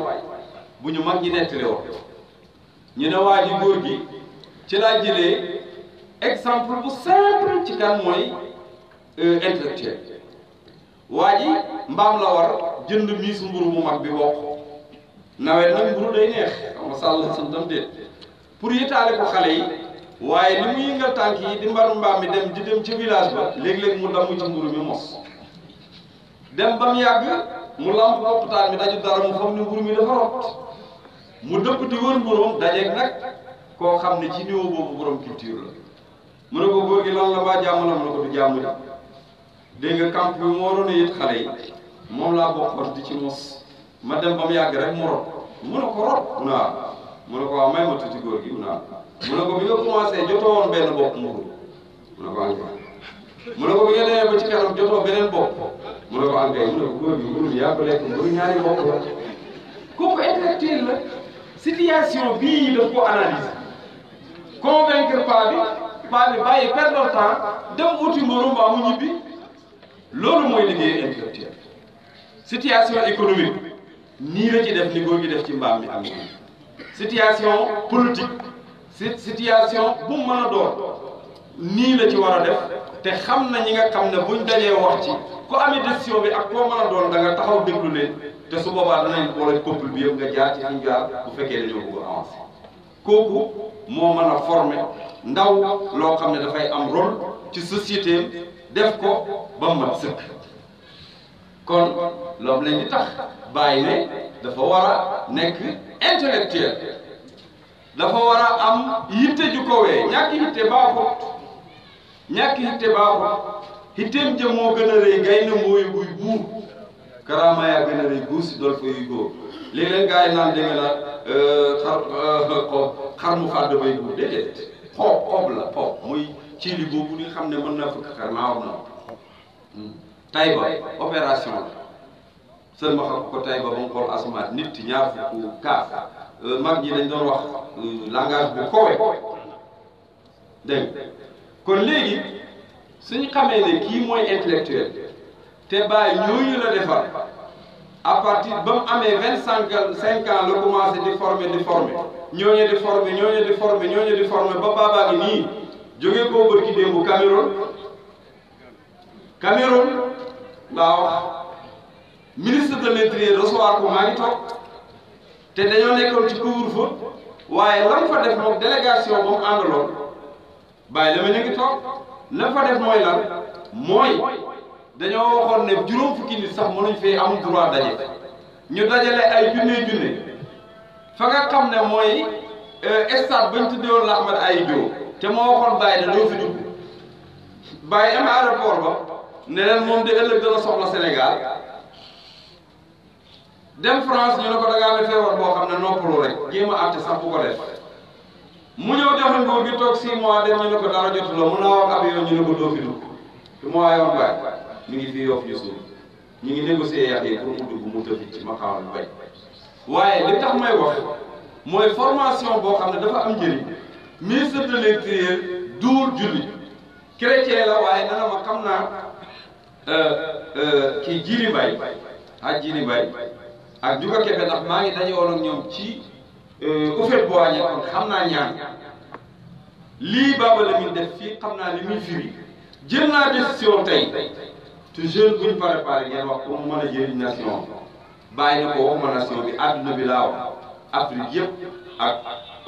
bu ñu mag ñi nettali woon ñu ne waa ji góor gi ci laa jëlee exemple bu simple ci kan mooy euh, intellectuel waa ji mbaam la war jënd miis mburu mu mag bi bokk nawet nag mburu day neex xam nga sàll santam déet pour yitaale ko xale yi waaye li muy yëngal tànk yi di mbar mbaam mi dem di dem ci village ba léeg-léeg mu damm ci mburu mi mos dem ba mu yàgg mu lamp loppitaan mi daju dara mu xam ne mburu mi dafa rot mu dëpp di wër mburoom dajeeg nag koo xam ne ci niveau boobu borom culture la mu ne ko góor gi lan la baa jàmm la mu ne ko du jàmm la dégg nga camp bi moo doon yët xale yi moom laa bokkoon di ci mos ma dem ba mu yàgg rek mu rot mu ne ko rot mu ne waaw ko waaw may ma tuuti góor gi mu mu ne ko bi nga commencé jotoo woon benn mu ne ko ankay ne ko bi nga beneen bopp mu ne ko ankay mu ko góor bi mburu bi yaa ko lekk mburu ñaari bopp la kooku intellectuel la situation bi paa bi bàyyi perdre temps dem uti mburu loolu mooy liggéey intellectuel situation économique nii la ci def ni góor gi def ci mbaam mi am situation situation bu mu mën a doon nii la ci war a def te xam na ñi nga xam ne buñ dajee wax ci ku amee décision bi ak koo mën a doon da taxaw déglu leen te su boobaa danañ boole couple bi yëpp nga jaar ci ñu jaar bu fekkee dañoo bëgg avancé kooku moo mën a former ndaw loo xam ne dafay am rôle ci société def ko ba mat sëkk kon loolu lañ di tax bàyyi ne dafa war a nekk intellectuel dafa war a am yitte ju kowee ñàkk yitte baaxut ñàkk yitte baaxut yitteem jëm moo gën a rëy gaynde mooy buy buur karaama yaa gën a rëy buur si dol fa yuy góor léeg-léeg naan dégg la euh, euh, xar mu fàdd bay buur déedéet xoob xoob la xoob muy ci boobu ni xam ne mën naa fukk xar maa war na tay la seen ma xam ko tay ba ba mu nit ñaar fukk kaaf mag ñi dañ doon wax euh, bu kowe dégg kon léegi suñu xamee ne kii mooy intellectuel te bàyyi ñooñu la defar à partir ba mu amee vingt cinq cinq ans la commencé di former di former ñu di former ñooñu di former ñooñu di ba baabaa ngi nii jógee koo bërki démb Cameroun Cameroun laa wax ministre de l'intérieur recevoir ko maa ngi toog te dañoo nekkoon ci couvre-feu waaye lam fa def moom délégation moom àndaloon bàyyi la ma ñu ngi toog lam fa def mooy lan mooy dañoo waxoon ne juróom fukki nit sax mënuñ fee amul droit daje ñu dajale ay junne junne fa nga xam ne mooy euh, stade bañ tuddee woon la Ahmed ay joo te moo waxoon bàyyi ne doo fi dugg bàyyi am aéroport ba ne leen moom de ëllëg dana soxla Sénégal dem France ñu ne ko da ngaa amee feebar ne noppalu rek jéem a àtte mu ñëw joxe nguur gi toog 6 mois dem ñu ne ko dara jotu la mun naa wax ab yoon ñu ne ko doo fi dugg te moo ayoon baay mi ngi fii yoof ñu suuf ñu ngi négocier yàq yi pour mu dugg mu tëfi ci maqaawal ne dafa am njëriñ mi de l'intérieur duur julli chrétien la waaye dana ma xam naa euh, euh, kii Jili Bay ah Jili Bay ak Duga Kebe ndax maa ngi daje woon ak ñoom ci Oufet euh, Boagne kon xam naa ñaan lii Baba Lamine def fii xam naa ni muy firi jël naa décision tey te jeune buñ préparé ngeen wax ko mu mën a jëriñ na ko waxuma nation bi àdduna bi laaw Afrique yëpp ak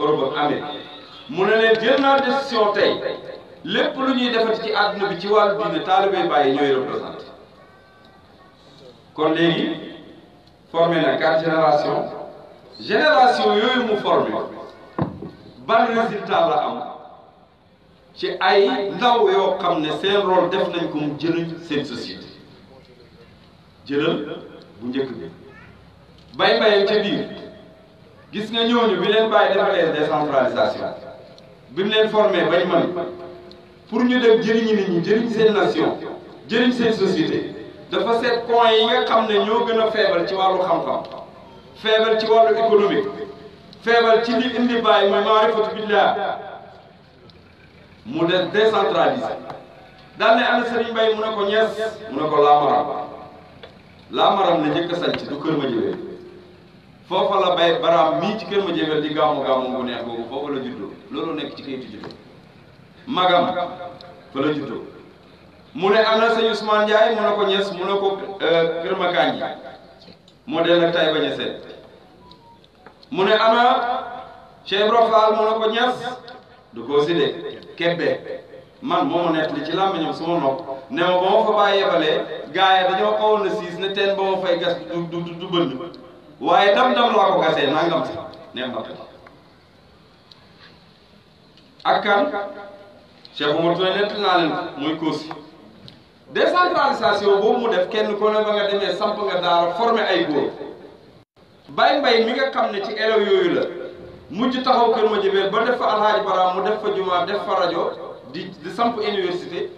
Europe ak Amérique mu ne leen jël naa décision tey lépp lu ñuy ci àdduna bi ci wàllu diine taalibe bàyyi ñooy kon léegi. formé na quatre génération génération yooyu mu formé bal résultat la am ci ay ndaw yoo xam ne seen rôle def nañ ko mu jëriñ seen société jëlal bu njëkk bi bay bayee ca biir gis nga ñooñu bi leen bàyyi defalee décentralisation bi mu leen formé bañ mën pour ñu dem jëriñi nit ñi jëriñ seen nation jëriñ seen société dafa seet points yi nga xam ne ñoo gën a feebal ci wàllu xam-xam feebal ci wàllu économique feebal ci li indi bàyyi mooy maarifatu billah mu def décentralisé daal ne ana Serigne Mbaye mu ne ko ñees mu ne ko laamaram laamaram la njëkk a du kër ma jëwee foofa la bay baraam mii ci kër ma jëwee di gàmmu gàmmu bu neex boobu foofa la juddoo loolu nekk ci kayitu juddoo magam fa la juddoo mu ne ana sëñ Ousmane Ndiaye mu ne ko ñes mu ne ko euh, Kër Makaan ji moo dell ak Taïba Niassène mu ne ana Cheikh Ibra Fall mu ne ko ñes du ko sidde kebbe man moo ma nekk ci làmmiñam suma nopp ne ma ba ma fa bàyyi yebalee gaa yi dañoo xawoon na siis ne teen ba ma fay gas du du du bënn waaye dam dam laa ko gasee nangam si ne mbatt ak kan Cheikh Oumar Touré nett naa leen muy décentralisation boobu mu def kenn ku ne ba nga demee samp nga daara formé ay góor bay mbay mi nga xam ne ci élèves yooyu la mujj taxaw kër ma jëbeel ba def fa alhaaji baraam mu def fa jumaa def fa rajo di di samp université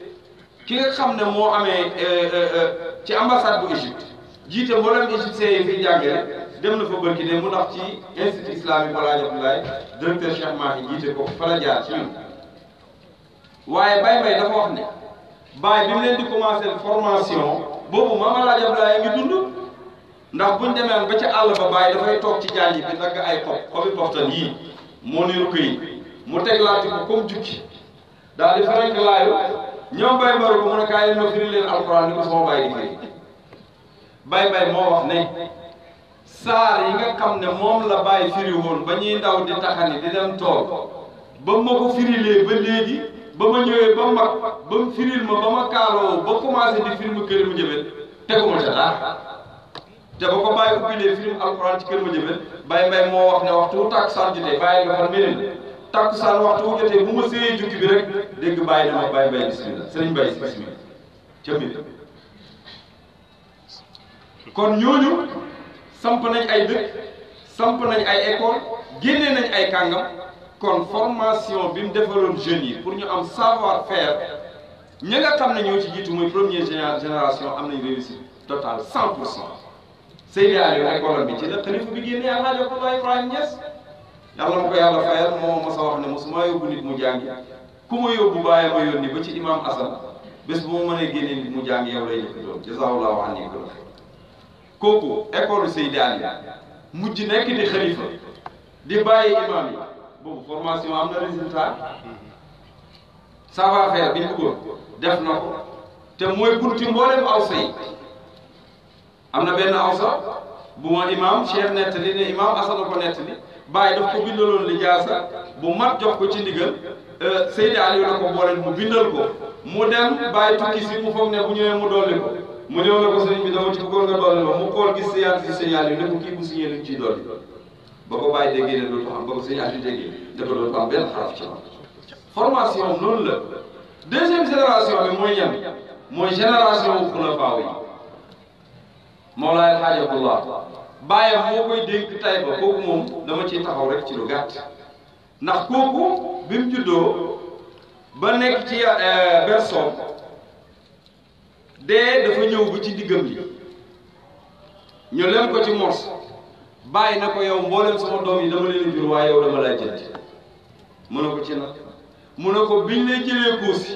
ki nga xam ne moo amee euh, euh, euh, ci ambassade bu Égypte jiite mboolem égyptien yi fi jàngale dem na fa bërki ne mu ndax ci institut islamique wala jotulaay directeur Cheikh Mahi jiite ko fa la ci waaye bay mbay dafa wax ne bàyyi bi mu leen di commencé formation boobu maam El Hadj Abdoulaye ngi dund ndax buñ demee ba ci àll ba bàyyi dafay toog ci jaan yi bi dagg ay xob xobi poftan yii moo niru këy mu teg laati ko comme jukki daal di farank laayu ñoom bay baru ko mu ne kaay leen ma firi leen alxuraan ni ko sama bàyyi di firi bay bay moo wax ne saar yi nga xam ne moom la bàyyi firi woon ba ñuy ndaw di taxani di dem tool ba ma ko firilee ba léegi ba ma ñëwee ba mag ba mu firil ma ba ma kaaloo ba commencé di film kër ma jëmel teguma ca dara te ba ko bàyyi ubbilee film alxuraan ci kër ma jëmel Baye Mbaye moo wax ne waxtu takkusaan jotee bàyyi nga fan meneen takkusaan waxtu jotee bu ma séyee jukki bi rek dégg bàyyi dama Baye Mbaye bismillah sëriñ Mbaye bismillah ca mbir kon ñooñu samp nañ ay dëkk samp nañ ay école génnee nañ ay kàngam kon formation bi mu defaloon jeunes yi pour ñu am savoir faire ñi nga xam ne ñoo ci jiitu mooy première génération am na réussite totale 100 pour cent école bi ci la xalifa bi génnee Alhaji Abdoulaye Ibrahima Niass yàlla na ko yàlla fayal moo ma sa ne mosuma yóbbu nit mu jàngi ku ma yóbbu bàyyi ma yónni ba ci imam Assane bés bu ma mënee génnee nit mu jàngi yow lay njëkk doon jazakallahu anni kooku école Seydi Aliou mujj nekk di xalifa di bàyyi boobu formation am na résultat savoir-faire bi ñu bëggoon def na ko te mooy bunti mboolem awsa yi am na benn awsa bu ma imaam Cheikh nettali ne imaam Asana ko nettali bàyyi daf ko bindaloon li jaasa bu mat jox ko ci di euh, Seydi Aliou la ko booleel mu bindal ko mu dem bàyyi tukki si mu foog ne bu ñëwee mu dolli ko mu ñëw ne ko sëriñ bi dama ci bëggoon dolli ma mu xool gis si yàlla si ko kii dolli ba ko bàyyi déggee dootu am ba ko sëñ Aliou déggee ne ko dootu am benn xaraf ci am formation noonu la deuxième génération bi mooy ñan mooy génération xulafaa yi Mawlaay Alxaaji Abdullah bàyyam moo koy dénk tay ba kooku moom dama ci taxaw rek ci lu gàtt ndax kooku bi mu juddoo ba nekk ci euh, berceau dee dafa ñëw bu ci diggam li ñu lem ko ci mors bàyyi na ko yow mboolem sama doom yi dama leen jur waaye yow dama laa jënd mu ne ko ci nag mu ne ko biñ lay jëlee kuusi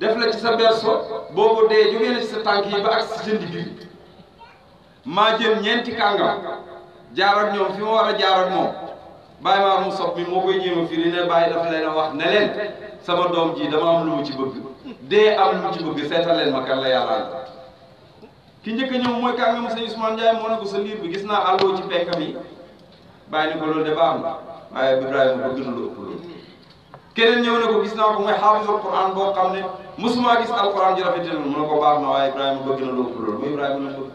def la ci sa berso boobu dee jógee na ci sa tànk yi ba ak si jënd bi maa jël ñeenti kàngam jaar ak ñoom fi ma war a jaar ak moom bàyyi maa mu sopp mi moo koy jéema fii li ne bàyyi dafa leen wax ne leen sama doom ji dama am lu mu ci bëgg dee am lu mu ci bëgg seetal leen ma kan la yàlla ki njëkk ñëw mooy kàngam sëñ Ousmane Ndiaye moo ne ko sa liir bi gis naa àlloo ci penkam yi bàyyi ni ko loolu de baax na waaye Ibrahima bëgg ñëw ne ko gis naa ko mooy xam ne mosuma gis alquran ko baax na waaye bëgg na loolu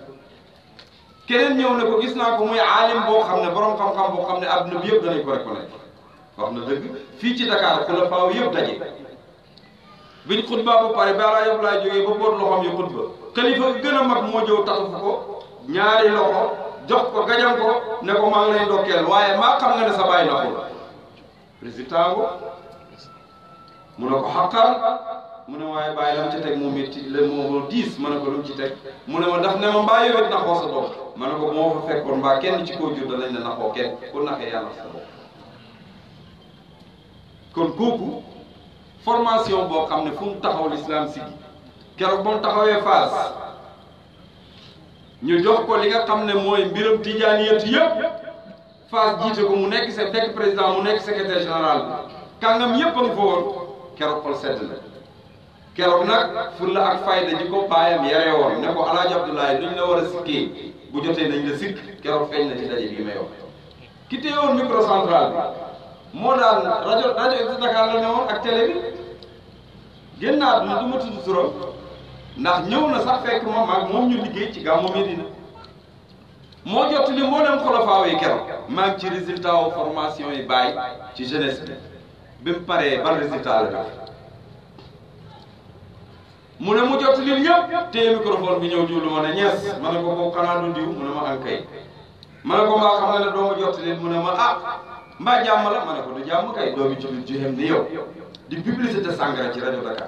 keneen ñëw ne ko gis naa ko muy aalim boo xam ne boroom xam-xam boo xam ne adduna bi yëpp danañ ko reconnaître wax na dëgg fii ci Dakar ku la faaw yëpp daje biñ xutba ba pare balaa yëpp laay jógee ba boot loxoom yi xutba xalifa gën a mag moo jëw taxu ko ñaari loxo jox ko gajam ko ne ko maa ngi lay ndokkeel waaye maa xam nga ne sa mu ne ko xaqal mu ne ci teg ma ne ko lu mu ci teg mu ne ma ndax ne naxoo sa doom ma ne ko moo fa fekkoon mbaa kenn ci koo jur danañ la naxoo kenn ku naxee yàlla sa bopp kon kooku formation boo xam ne fu mu taxaw lislaam si keroog ba mu taxawee Faas ñu jox ko li nga xam ne mooy mbiram tijaaniyat yëpp Faas jiite ko mu nekk sa président mu nekk secrétaire général kàngam yëpp a nga fa woon keroog xol sedd la keroog nag fulla ak fayda ji ko baayam yare woon ne ko alaaji Abdoulaye duñ la war a sikkee bu jotee nañ la sikk keroog feeñ na ci daje bi may wax ki téye woon microcentral bi moo daal rajo rajo Ibsu Dakar la newoon ak télé bi génnaat na du ma tudd turam ndax ñëw na sax fekk moom ak moom ñu liggéey ci gàmmu Medina moo jot li mboolem xolofaaw yi keroog maa ngi ci résultat wu formation yi bàyyi ci jeunesse bi bi mu paree ban résultat la def ne mu jot lil ñëpp téye bi ñëw jiwlu ma ne ñees ma ne ko boo xanaa du diw mu ne ma ankay ma ne ko mbaa xam ne ne doo ma jot lil mu ne ma ah mbaa jàmm la ma ne ko du jàmm kay doomi commune ju ni yow di publicité sàngara ci rajo Dakar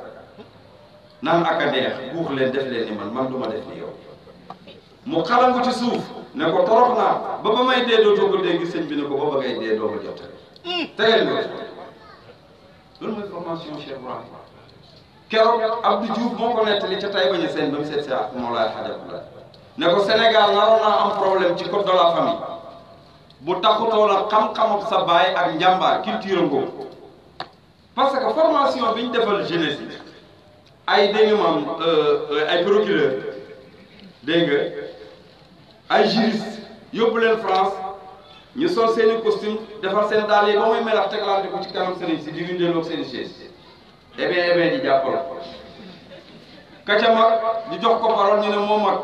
naan ak a neex buux leen def leen ni man man du ma def ni yow mu xalangu ci suuf ne ko torox naa ba ba may dee dootoo ko dégg sëñ bi ne ko ba ba ngay dee doo ma jottali tegel ma loolu mooy formation Cheikh Ibrahim keroog Abdou Diouf moo ko nettali ca tay bañu seen ba mu seet si ak Mawlaay Hadj ne ko Sénégal naroon naa am problème ci code de la famille bu taxutoo la xam-xamam sa baay ak njàmbaar culture am parce que formation bi ñu defal jeunesse yi ay dégg nga euh, ay procureur dégg ay juriste yóbbu leen France ñu sol seeni costume defal seen dàll yi ba muy melax teglante ko ci kanam sëriñ si di leen ak seen chaise demee eh eh demee di jàppal kaca mag ñu jox ko parole ñu ne moo mag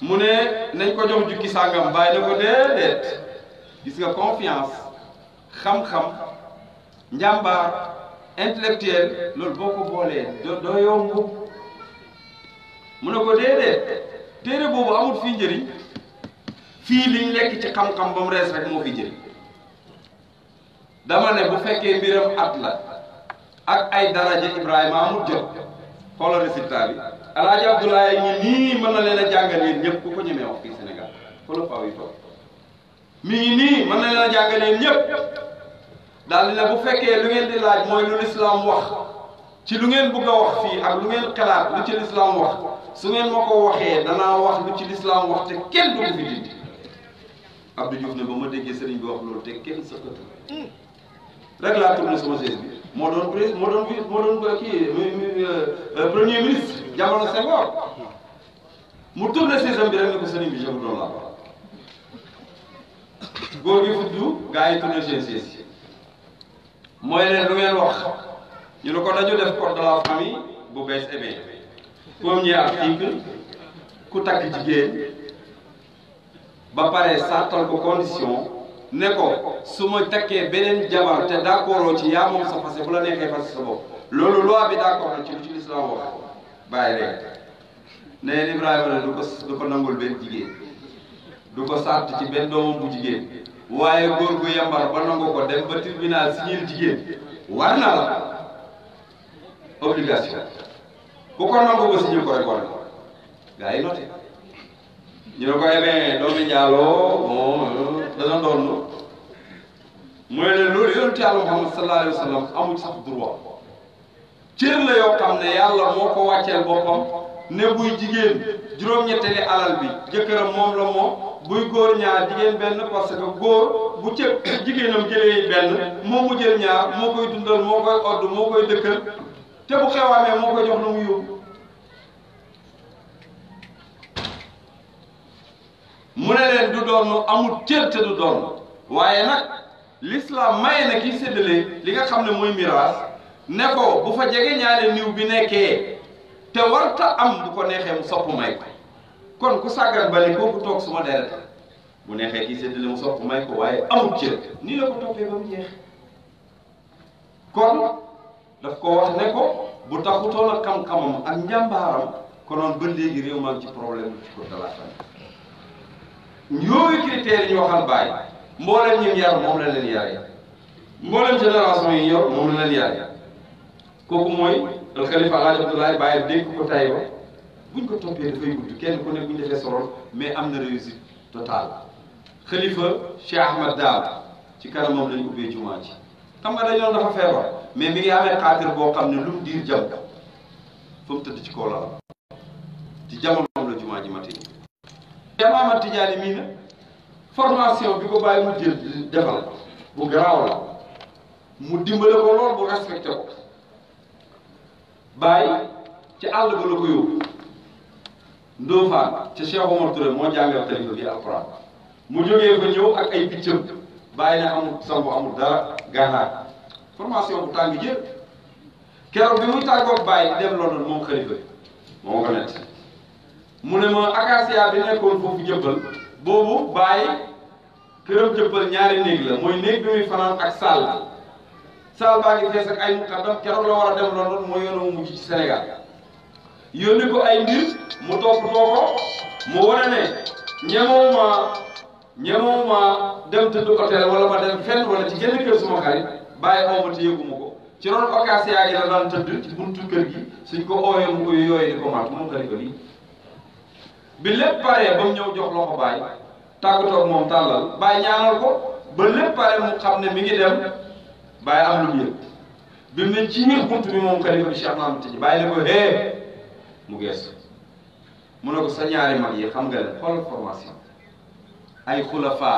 mu ne nañ ko jox jukki sàngam bàyyi na ko déedéet gis nga confiance xam-xam njàmbaar intellectuel loolu boo ko boolee doo doo yomb mu ne ko déedéet téere boobu amul fii njëriñ fii liñ lekk ci xam-xam ba mu rees rek moo fi njëriñ dama ne bu fekkee mbiram at la ak ay daraja Ibrahima amul jël xoolal résultat bi El Hadj Abdoulaye ñi nii mën na leen a jàngal yéen ñëpp ku ko ñemee wax fii Sénégal xoolal faaw yi toog. mi ngi nii mën na leen a jàngaleen ñépp daal dina bu fekkee lu ngeen di laaj mooy lu lislaam wax ci lu ngeen bëgg a wax fii ak lu ngeen xalaat lu ci lislaam wax su ngeen ma ko waxee danaa wax lu ci lislaam wax te kenn du fi dindi Abdou Diouf ne ba ma déggee sëriñ bi wax loolu te kenn sëkkatu rek laa tourné sama chaise bi moo doon prés moo doon moo doon kii euh, euh, premier ministre jamono Senghor mu tourné chaise bi rek ne ko bi je la góor gi fudd gaa yi tourné seen mooy leen lu ngeen wax ñu ne ko dañu def code de la famille bu bees ebee premier article ku takk jigéen ba pare sartal ko condition ne ko su ma takkee beneen jabar te d'accord ci yaa moom sa fase bu la nekkee fase sa bopp loolu loi bi d'accord na ci lu ci lislaam wax bàyyi rek ne Ibrahima ne du ko du ko nangul benn jigéen du ko sàtt ci benn doomam jigéen waaye góor gu yambar ba nangu ko dem ba tribunal signil jigéen war na la obligation ku ko nangu ba signil ko rek war na gaa yi noté ñu ne ko ebee eh doomi njaaloo bon dana doon mu ne loolu yonent Yàlla Muhammad sallallahu alayhi wa cër la yoo xam ne yàlla moo ko wàcceel boppam ne buy jigéen juróom-ñetteeli alal bi jëkkëram moom la moom buy góor ñaar jigéen benn parce que góor bu cëb jigéenam jëlee benn moo mu jël ñaar moo koy dundal moo koy odd moo koy dëkkal te bu xewaamee moo koy jox lu yóbbu mu ne leen du doon amul cër te du doon waaye nag lislaam maye na ki séddale li nga xam ne muy miraas ne ko bu fa jege ñaale niw bi nekkee te warta am bu ko neexee mu sopp may ko kon ku sagar bale kooku toog suma deret bu neexee kii séddale mu sopp may ko waaye amul ci nii la ko toppee ba mu jeex kon daf ko wax ne ko bu taxutoon ak xam-xamam ak njàmbaaram konoon ba léegi réew maa ci problème ci ko de la famille yooyu critères yi ñu waxal bàyyi mboolem ñim yar moom la leen yare mboolem génération yi ñor moom la leen yare kooku mooy alxalifa alaaji abdoulaye bàyyi dénk ko tay buñ ko toppee dafay gudd kenn ku ne buñ defee soroon mais am na réussite totale xalifa Cheikh Ahmad Daal ci kanam moom ubbee jumaa ci xam nga dañoon dafa feebar mais mi ngi amee xaatir boo xam ne lu mu diir jam ci kaw lal ci jamonoom la jumaa formation bi ko bàyyi mu jël defal bu garaaw la mu dimbale ko lool bu respecté ko bàyyi ci àll ba la ko yóbbu Ndofane ca Cheikh Omar Touré moo jàngal tarifa bi alquran mu jógee fa ñëw ak ay piccam bàyyi na amul sambu amul dara gànnaar formation bu tàng jër keroog bi muy tàggoog bàyyi dem London moom xalifa moo ko mu ne ma acacia bi nekkoon foofu jëppal boobu bàyyi këram jëppal ñaari néeg la mooy néeg bi fanaan ak sàll saal baa ngi fees ak ay muqaddam keroog la war a dem London mooy yoon mu mujj ci Sénégal yónni ko ay mbir mu toppatoo ko mu wane ne ñemoo ma ñemoo ma dem tëdd hôtel wala ma dem fenn wala ci genn kër suma xarit bàyyi aw ma te yëguma ko ci noonu occasion yi xarit ko lii bi lépp paree ba mu ñëw jox loxo bàyyi tàggatoo ak moom tàllal bàyyi ñaanal ko ba lépp pare mu xam ne mi ngi dem. bàyyi am lu mu yëg bi mu ci biir bunt bi moom xalifa bi Cheikh Mamadou Tijji bàyyi ne ko hee mu gees mu ne ko sa ñaari mag yi xam nga leen xool formation ay xulafa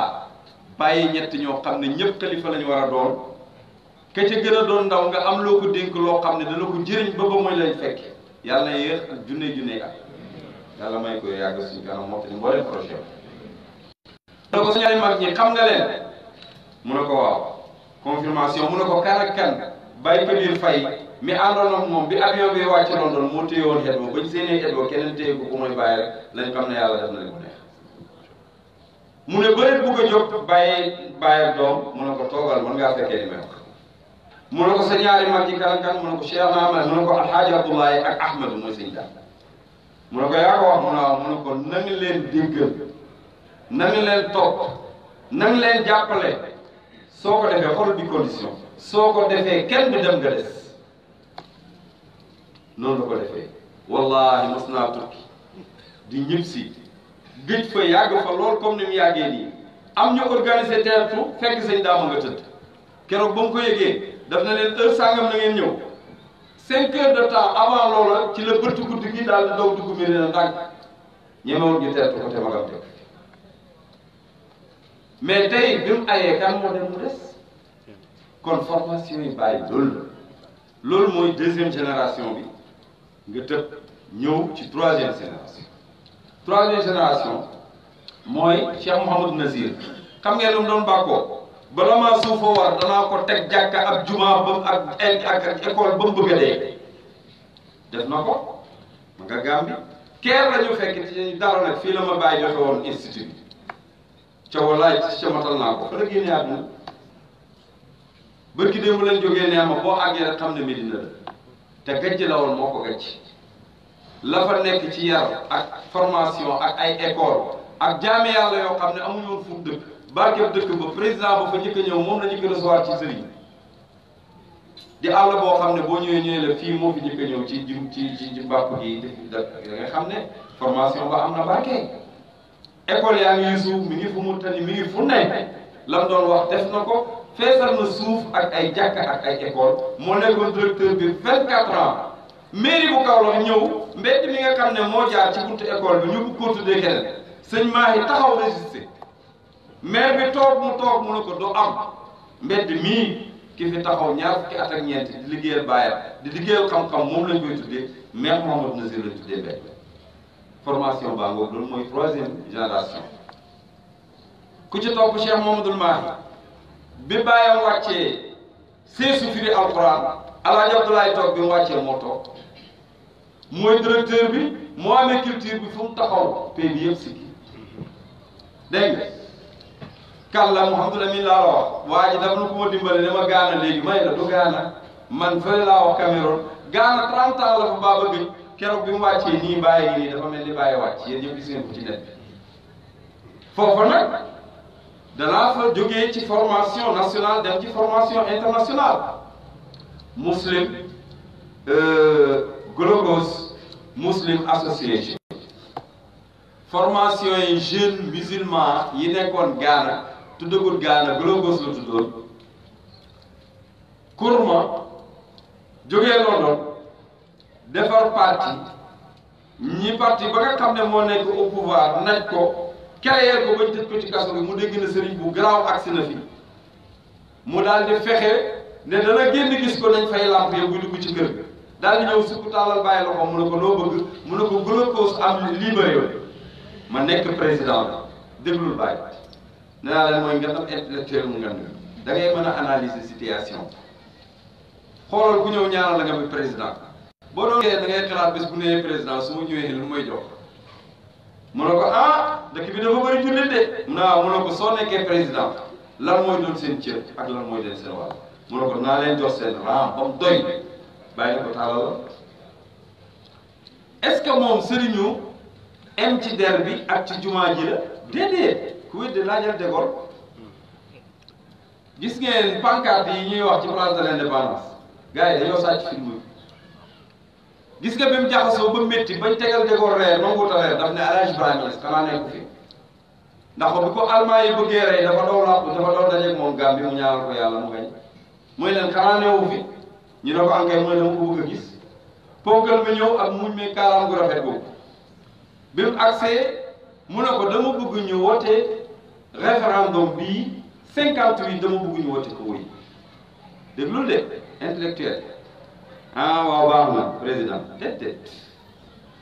bàyyi ñëpp xalifa lañu war a doon ndaw nga am loo dénk loo xam ne dana ko njëriñ ba ba mooy lay fekke yàlla na yéex ak junne junne ak ne ko waaw confirmation mu ne ko kan ak kan bàyyi moom bi avion bi wàcc London moo téye woon xet ba ñu seenee xet keneen téye ko ku mooy bàyyi rek ne yàlla def na li mu neex mu ne bëreet bu ko jóg bàyyi bàyyi ak doom mu ne ko toogal mën kan kan mu ne ko Cheikh Mahamad mu ne mu ne ko yaa ko wax mu leen déggal na leen topp na leen jàppale soo ko defee xol di condition soo ko defee kenn dem nga noonu la ko defee wallahi mos naa tukki di ñib si géej fa yàgg fa lool comme ni mu yàggee nii am ñu organisé teertu fekk sëñ daama nga tëdd keroog ba mu ko yëgee daf na leen heure sàngam na ngeen ñëw cinq heures de temps avant loola ci la bëtt guddi gi daal di daw dugg mi ne na ndànk ñemewul ñu teertu ko te magam teg mais tey bi mu ayee kan moo dem mu des kon formation bàyyi loolu la loolu mooy deuxième génération bi nga tëb ñëw ci troisième génération troisième génération mooy Cheikh Mouhamadou Nazir xam ngeen lu mu doon bàkkoo bala maa suufoo war danaa ko teg jàkka ab juma ba ak ak ak école ba mu bëgg dee def na ko ma nga gàmbi keer la ñu fekk ci dara nag fii la ma bàyyi joxe woon institut ca walaay ca matal naa ko fa la génne àdduna bërki démb leen jógee nee ma boo àggee rek xam ne Medina la te gàcce la woon moo ko gàcce la fa nekk ci yar ak formation ak ay école ak jaame yàlla yoo xam ne amuñoo fu mu dëkk barkeb dëkk ba président ba fa njëkk ñëw moom la ñu ko recevoir ci sëriñ di àll boo xam ne boo ñëwee ñëwee la fii moo fi njëkk ñëw ci ci ci ci mbàpp gi da da nga xam ne formation am na école yaa ngi suuf mi ngi fu mu tani mi ngi fu nekk lam doon wax def na ko feesal na suuf ak ay jàkk ak ay école moo nekkoon directeur bi 24 ans mairie bu Kaolack ñëw mbedd mi nga xam ne moo jaar ci buntu école bi ñu ko tuddee keneen sëñ Mahi taxaw résister maire bi toog mu toog mu ne ko doo am mbedd mii ki fi taxaw ñaar fukki at ak ñeenti di liggéeyal baayam di liggéeyal xam-xam moom lañ koy ma maire Mouhamadou Nazir lañ tuddee mbedd formation baa ngoog loolu mooy troisième génération ku ci topp Cheikh Mamadul Mahi bi bàyyam wàccee seesu firi alquran alaaji Abdoulaye toog bi mu wàccee moo toog mooy directeur bi moo amee culture bi fu mu taxaw pay bi yëpp sikki dégg nga kàlla Mouhamadul laa waa ji dafa na ko ma ne ma gaana léegi may la du gaana man fële laa wax Cameroun gaana 30 ans la fa baa keroog bi mu wàccee nii bàyyi nii dafa mel ni bàyyi wàcc yéen ñëpp gis ngeen ko ci net foofa nag danaa fa jógee ci formation nationale dem ci formation internationale muslim euh, Globos muslim association formation yi jeunes musulmans yi nekkoon Ghana tuddagul Ghana Globos la tuddoon kurma jógee London defar parti ñi parti ba nga xam ne moo nekk au pouvoir nañ ko créer ko bañ tëj ko ci kaso bi mu dégg na sëriñ bu garaaw agsi na fii mu daal di fexe ne dana génn gis ko nañ fay làmp yow bu dugg ci kër ga daal di ñëw sukk tàllal bàyyi loxo mu ne ko loo bëgg mu ne ko glucose am libéré yow ma nekk président bi déglul bàyyi nee naa leen mooy nga am intellectuel mu ngan da mën a analyser situation xoolal ku ñëw ñaanal a nga bi président boo doon da ngay xalaat bés bu nee président su ma ñëwee lu may ko ah dëkk bi dafa bëri jullit de mu ne waaw ah, mu ne ko soo nekkee président lan mooy doon seen cër ak lan mooy doon seen wàll mu ko naa leen jox seen raam ba mu doy bàyyi na ko taalal la est-ce que moom sëriñu em ci der bi ak ci jumaa ji la déedéet ku wedde laajal dégool gis ngeen pancarte yi ñuy wax ci place de l'indépendance gars yi dañoo sàcc film bi gis nga bi mu jaxasoo ba métti bañ tegal déggoo reer nanguut a reer daf ne Alaaji Ibrahima Niass xanaa nekku fi ndax bi ko almaa yi bëggee rey dafa doon làpp dafa doon dajeeg moom gàm bi mu ñaanal ko yàlla mu gañ muy leen xanaa newu fi ñu ne ko ankay mooy dama ko bëgg a gis ponkal ba ak muñ mi kaalaam gu rafet bi mu agsee mu ne ko dama bëgg ñu woote référendum bii cinquante huit dama bëgg ñu woote ko woy déglul de intellectuel ah waaw baax na président déedéet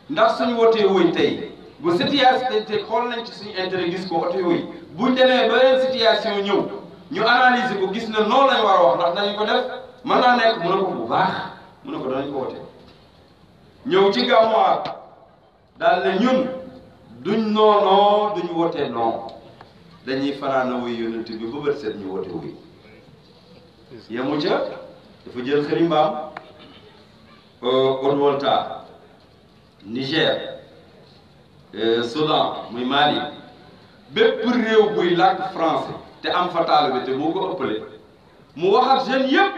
ndax suñu wootee wuñ tey bu situation te xool nañ ci suñu intérêt gis ko wootee wuñ buñ demee beneen situation ñëw ñu analyser ko gis na noonu lañ war a wax ndax dañu ko def mën naa nekk mën mu ko bu baax mën ko danañ ko wootee ñëw ci gàmmuwaat daal ne ñun duñ noonoo duñ wootee non dañuy faraana wuy yonent bi ba bët set ñu wootee wuy yemu ca dafa jël xëri mbaam Haute-Volta euh, Niger euh, Soudan muy Mali bépp réew buy làkk français te am fa taalibe te moo mu wax ak jeunes yëpp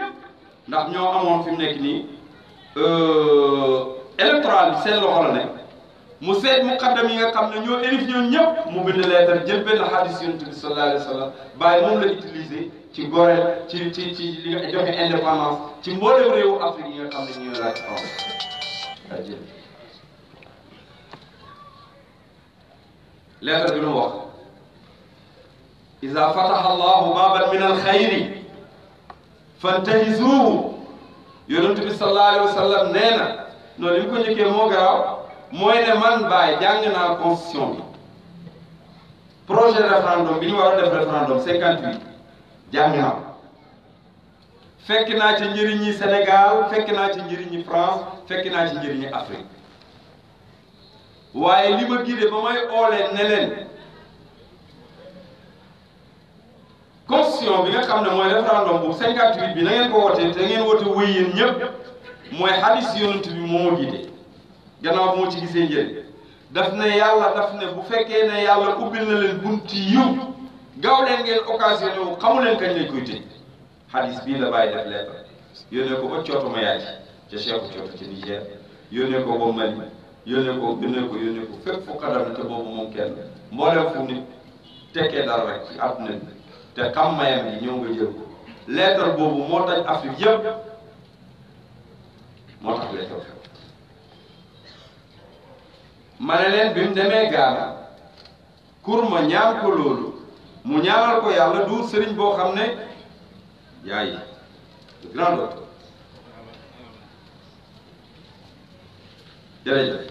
ndax ñoo amoon fi mu nekk nii euh, électoral bi seen loxo mu seet muqaddam yi nga xam ne ñoo élif ñoom ñëpp mu bind leetar jël benn xadis yonent bi sallallahu alayhi wa sallam bàyyi moom la utiliser ci goreel ci ci ci li nga joxe indépendance ci mboolem réewu Afrique yi nga xam ne ñoo laaj aw jël leetar bi lu mu wax ida fataha allahu baaban min alxayri fantahizuuhu yonent bi sallallahu alayhi wa sallam nee na noonu li mu ko njëkkee moo garaaw mooy ne man Baye jàng naa constitution bi projet référendum bi ñu war a def référendum 58 jàng naa fekk naa ci njëriñi Sénégal fekk naa ci njëriñi France fekk naa ci njëriñi Afrique waaye li ma gide ba may oolee ne leen bi nga xam ne mooy référendum bu 58 bi na ngeen ko wootee te ngeen wote wuy yéen mooy hadis yonent bi moo ma gide gannaaw moo ci gisee njëriñ daf ne yàlla daf ne bu fekkee ne yàlla ubbil na leen bunti yiw gaaw leen ngeen occasionné wu xamu leen koy tëj hadis bii la bàyyi def leen yónnee ba cooto Mayaati ca Cheikhu cooto ci Niger yónnee ko ba Mali yónnee ko yónnee ko yónnee ko fépp fu xadam te boobu moom kenn mbooleem fu nit te xam mayam yi ñëw nga jël ko lettre boobu moo tax Afrique ma leen bi mu demee gaana kurma ñaan ko loolu mu ñaanal ko yàlla du sëriñ boo xam ne yaay lu grand docteur jërëjëf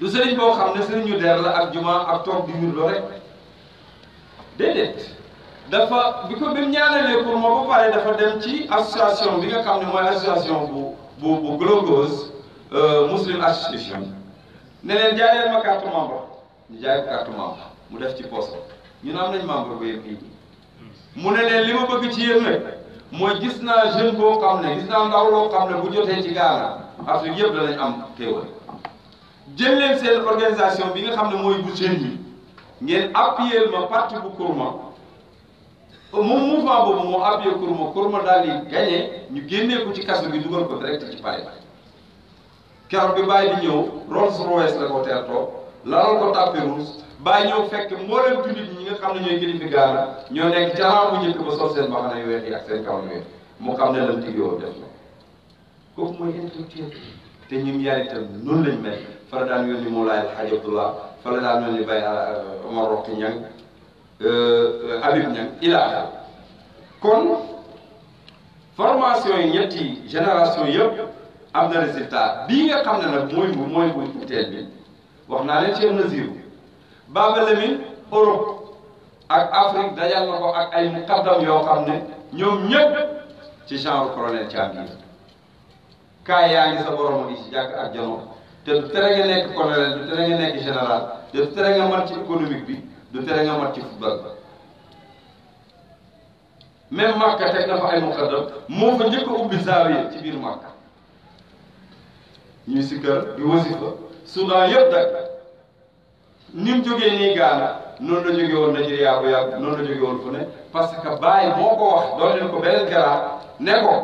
du sëriñ boo xam ne sëriñu der la ak juma ak toog di wirlo rek déedéet dafa bi ko bi mu ñaanalee pour ma ba pare dafa dem ci association bi nga xam ne mooy association bu bu bu Glogos euh, Muslim Association ne leen jaay leen ma carte membre ñu jaay ko carte mu def ci poste ñu ne am nañ membre bi yëpp nit mu ne leen li ma bëgg ci yéen nag mooy gis naa jeune boo xam ne gis naa ndaw loo xam ne bu jotee ci Ghana Afrique yëpp danañ am teewal jël leen seen organisation bi nga xam ne mooy bu jeunes yi ngeen appuyer ma parti bu Kurma moom mouvement boobu moo appuyé Kurma Kurma daal di gagné ñu génnee ko ci kaso bi dugal ko direct ci palais keroog bi bàyyi di ñëw Rolls Royce la ko teertoo lalal ko tapis rouge bàyyi ñëw fekk mbooleem jullit ñi nga xam ne ñooy kilifi gaana ñoo nekk ca bu njëkk ba sol seen mbaxana yu weex yi ak seen kaw yu weex mu xam ne lan tigoo def na kooku mooy intellectuel te ñun yaay itam noonu lañ mel fa la daan yónni Moulaay Alxaaj Abdullah fa la daan yónni Baye euh, Omar Roqi Ñang euh, euh, Habib Ñang ilaa kon formation yi ñetti génération yëpp am na résultat bii nga xam ne nag mooy bu mooy bu teel bi wax naa ne ci am na ziiru Baba Lamine Europe ak Afrique dajal na ko ak ay muqaddam yoo xam ne ñoom ñëpp ci genre colonel Thiam bii kaay yaa ngi sa borom a ngi ci jàkk ak jano te du tere nga nekk colonel du tere nga nekk général du tere nga mat ci économique bi du tere nga mat ci football ba même Makka teg na fa ay muqaddam moo fa njëkk a ubbi ci biir Makka ñuy sikkar di wasifa suudan yëpp nag ni mu jógee nii Gaana noonu la jóge woon Nigeria bu yàgg noonu la jóge woon fu ne parce que bàyyi moo ko wax doon leen ko beneen garaa ne ko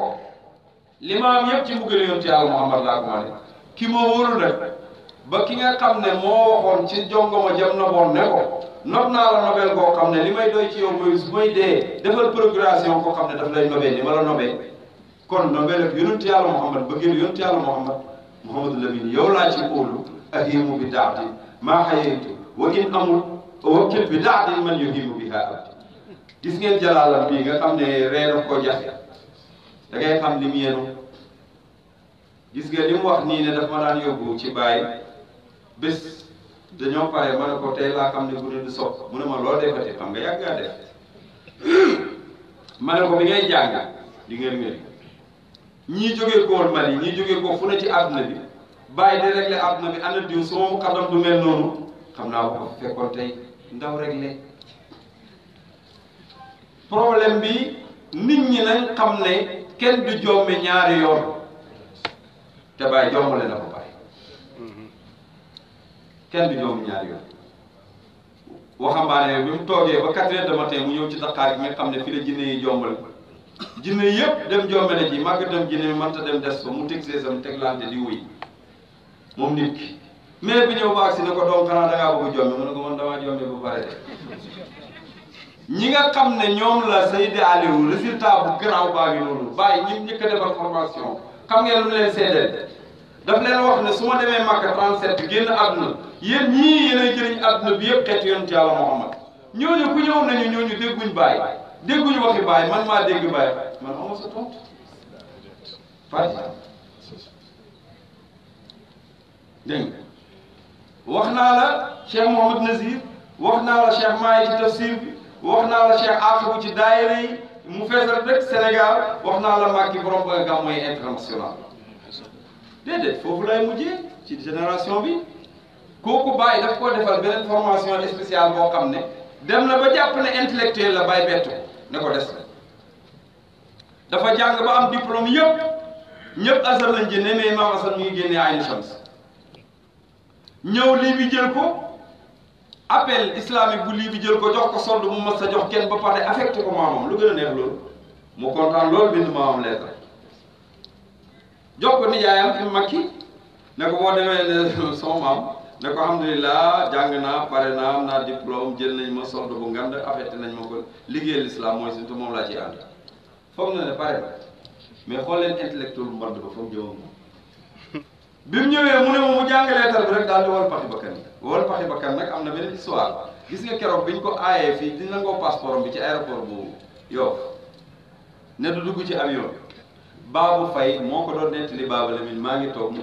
limaam yëpp ci mbugg la yoon ci yàlla Muhammad laa ko ma ki ma wóolu nag ba ki nga xam ne moo waxoon ci jongoma jëm noboon ne ko nob naa la nobel koo xam ne li may doy ci yow mooy su may dee defal procuration koo xam ne daf lay nobee ni ma la nobee kon nobel ak yonent yàlla Muhammad bëggeel yonent yàlla Muhammad Mouhamadou Lamine yow laa ci óolu ahimu bi daati maa xayaytu wa in amul wakkil bi daati man gis ngeen jalaalam bii nga xam ne reenu ko jaxe da ngay xam li gis nga li mu wax nii ne daf ma daan yóbbu ci bàyyi bés dañoo ne ko tey laa xam ne bu ne du ma loo defati xam nga yàgg ngaa (coughs) ma ne ko bi ngay di ngeen ngeen ñii jógee ko woon Mali ñii jógee ko fu ne ci àdduna bi bàyyi di réglé àdduna bi ana diw sama muqaddam du mel noonu xam naa bu ko fekkoon tey ndaw réglé problème bi nit ñi nañ xam ne kenn du jomme ñaar yoon te bàyyi jommale na ko bàyyi kenn du jomm ñaari yoon waxambaane bi mu toogee ba quatre heures de matin mu ñëw ci daqaar gi nga xam ne fi la jinne yi jombal jinne yëpp dem jombale ji màggatam jinne mënta dem des ko mu teg seesam teg lante di wuy moom nit ki bi ñëw baag si ne ko doom xanaa dangaa bëgg jombe mu ne ko man damaa jombe ba pare de ñi nga xam ne ñoom la Seydi Aliou résultat bu garaaw baa ngi noonu bàyyi ñi njëkk a defal formation xam ngeen lu mu leen seedeel daf leen ne su ma demee Màkka 37 génn àdduna yéen ñii yéenay jëriñ àdduna bi yëpp ket yonent Yàlla Muhammad ñooñu ku ñëw nañu ñooñu dégguñ bàyyi dégguñu waxi baay man maa dégg baay man amoo sa tontu Fati dégg nga wax naa la Cheikh Mouhamad Nazir wax naa la Cheikh Maay ci tafsir bi wax naa la Cheikh Aqibu ci daayira yi mu feesal rek Sénégal wax naa la Macky borom ba gàmm mooy international déedéet foofu lay mujjee ci génération bi kooku Baye daf ko defal beneen formation spéciale boo xam ne dem na ba jàpp ne intellectuel la Baye bett ne ko des dafa jàng ba am diplôme yëpp ñëpp asar lañ jëndee mais maam asar ñu ngi génnee ayni shams ñëw lii bi jël ko appel islamique bu lii bi jël ko jox ko solde mu mas sa jox kenn ba pare affecté ko maamam lu gën a neex loolu mu kontaan loolu bind maamam lettre jox ko nijaayam fi mu makki ne ko boo demee ne (laughs) sama ne ko alhamdulilah jàng naa pare naa am naa diplôme jël nañ ma solde bu ngand affecté nañ ma ko liggéeyal islam mooy surtout moom laa ciy ànd foog na pare mais xool leen intellectuel bu mband ba foog jëmam moom bi mu ñëwee mu ne ma mu jàngalee tar bi rek daal di wal paxi bakkan wal paxi bakkan nag am na beneen histoire gis nga keroog bi ñu ko aayee fii di nangoo passeport bi ci aéroport bu Yoff ne du dugg ci avion baabu fay moo ko doon nettali baabu maa ngi toog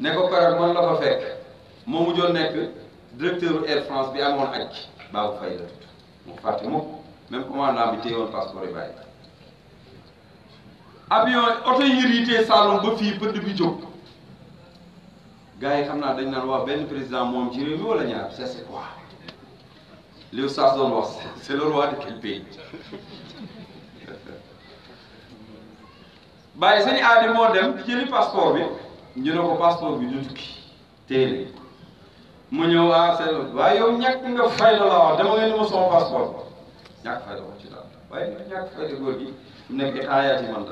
ne ko keroog man la fa fekk moo nekk directeur Air France bi amoon aj baabu fay la tudd mu fàtte mu même commandant bi téye woon passeport yi bàyyi avion oto yi yi téye Saloum ba fii pënd bi jóg gars yi xam naa dañ naan wax benn président moom ci réew mi wala ñaar c'est c'est li oustaz doon wax (laughs) c'est le roi de quel pays (laughs) bàyyi sañu aadi moo dem bi ñu ne ko passeport bi du tukki téere mu ñëw ah seen waaye yow ñàkk nga fayda la wax dama ngeen ma sama passeport ñàkk fayda wax ci daal waaye ñàkk fayda góor gi mu nekk état yi man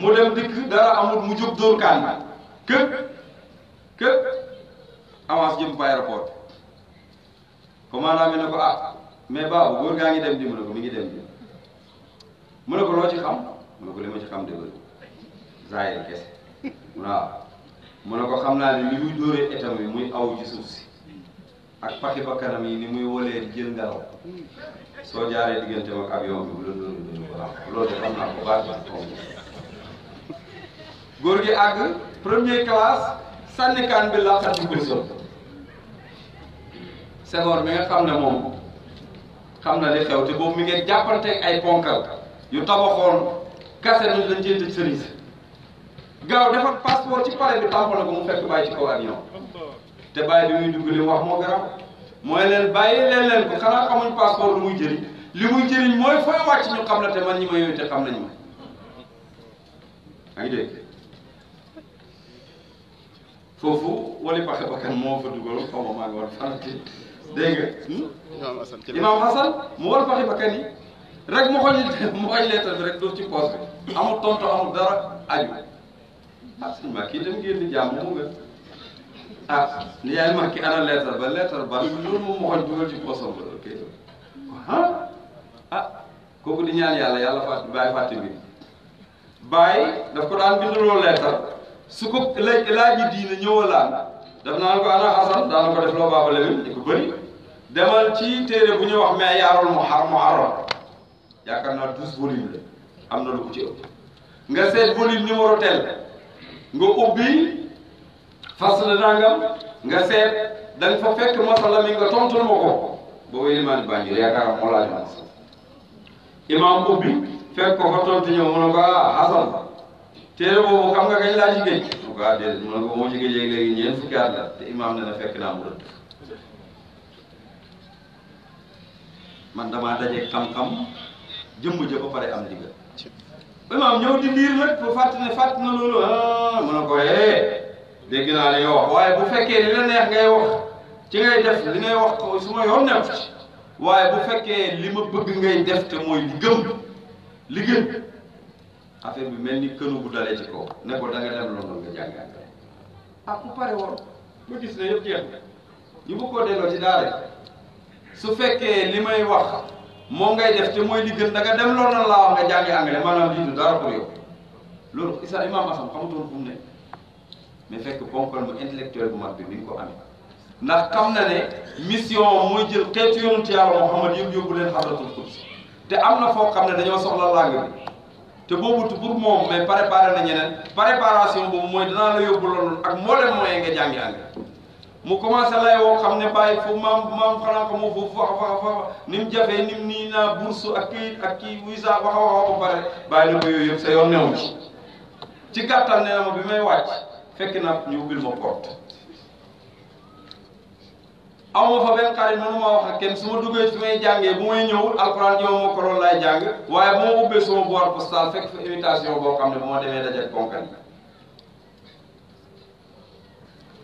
mu dem dëkk dara amul mu jóg dóor kaan bi kë kë avance jëm ko aéroport commandant ne ko ah mais baabu góor gaa ngi dem di mu ne ko mi ngi dem di mu ne ko loo ci xam mu ne ko li ma ci xam dëgg zaayir kese waaw mu ne ko xam naa ne li muy dóoree étam bi muy aw ci suuf si ak paxi ba kanam yi ni muy wolee jël ngelaw soo jaaree diggante ak avion bi bu la dóoree dóoree ko ràmp loolu xam naa ko baax baax xaw góor gi àgg première classe sànnikaan bi la xati personne Senghor mi nga xam ne moom xam na li xew te boobu mi ngeen jàppante ay ponkal yu tabaxoon kase nu dañ cee tëj sëriñ si gaaw defal passeport ci palais bi baaxoo na ko mu fekk bàyyi ci kaw te bàyyi bi muy dugg li mu wax moo garaaw mooy leen bàyyi leen leen ko xanaa xamuñ passeport lu mu jëriñ li mu jëriñ mooy fooy wàcc ñu xam la te man ñi ma yooyu te xam nañu ma yaa ngi dégg foofu wali paxe bakkan moo fa dugal xaw ma maa ngi war fanati dégg nga hmm? imaam Hasan mu wal paxe bakkan yi rek mu xoñ mu xoñ leetal rek doof ci poos bi amul tontu amul dara aju ah suñu mag kii itam génn jàmm mu nga ah ni yaay mag ki ana leetar ba leetar ba loolu moom moo xool dugal ci poosam ba ok ah ah kooku di ñaan yàlla yàlla fàtt bàyyi fàtte bi bàyyi daf ko daan bindaloo leetar su ko laaj laaj yi diine ñëwalaan daf naan ko ana xasan daana ko def loo baaba lemin di ko bëri demal ci téere bu ñuy wax mais yaarul muhar muharram yaakaar naa douze volume am na lu ko ci ëpp nga seet volume tel nga ubbi fasal nangam nga seet da nga fa fekk masala mi nga tontul ma ko boobu limaan Banjul yaakaar moo laaj ma masala imaam ubbi fekk ko fa tontu ñëw mu ne ko ah Hasan téere boobu nga kañ laa ci géej mu ko ah, mu ne ko moo ci géej léegi ñeent imaam ne na fekk naa mu rëdd man damaa daje xam-xam jëmm ja ba am ndigal imaam ñëw di ndiir nag pour fàtt ne fàtt na loolu ah mu ne ko eh naa li nga waaye bu fekkee li la neex ngay wax ci ngay def li ngay wax ko su ma yoon waaye bu fekkee li ma bëgg ngay def te mooy li gëm li bi mel ni kënu bu dalee ci ne ko da nga dem London nga jàngaat ah ku pare woon gis ne yëpp jeex na ko delloo ci daara su fekkee li may wax. moo ngay def te mooy li gën da nga dem loolu noonu laa wax nga jàngi anglais maanaam lii du dara pour yow loolu isa imam asam xamutoon fu mu nekk mais fekk bonkal mu intellectuel bu mag bi mi ngi ko amee ndax xam na ne mission mooy jël xeetu yonent yàlla Muhammad yëpp yóbbu leen xadratul qudus te am na foo xam ne dañoo soxla langue bi te boobu bu moom mais préparé na ñeneen préparation boobu mooy danaa la yóbbu loolu ak moo leen moyen nga jàngi mu commencé lay woo xam ne bàyyi foofu maam maam xanaa ko moo foofu wax wax wax ni mu jafee ni mu nii naa bourse ak kii ak kii visa wax wax wax ba pare bàyyi na ko yooyu yëpp sa yoon newu ci ci gàttal nee na ma bi may wàcc fekk na ñu ubbil ma porte awma fa benn xarit mënu ma wax ak kenn su duggee fi may jàngee bu may ñëw alxuraan ji ma mokkaloon laay jàng waaye bu ubbee suma boîte postale fekk fa invitation boo xam ne bu ma demee dajeek ponkal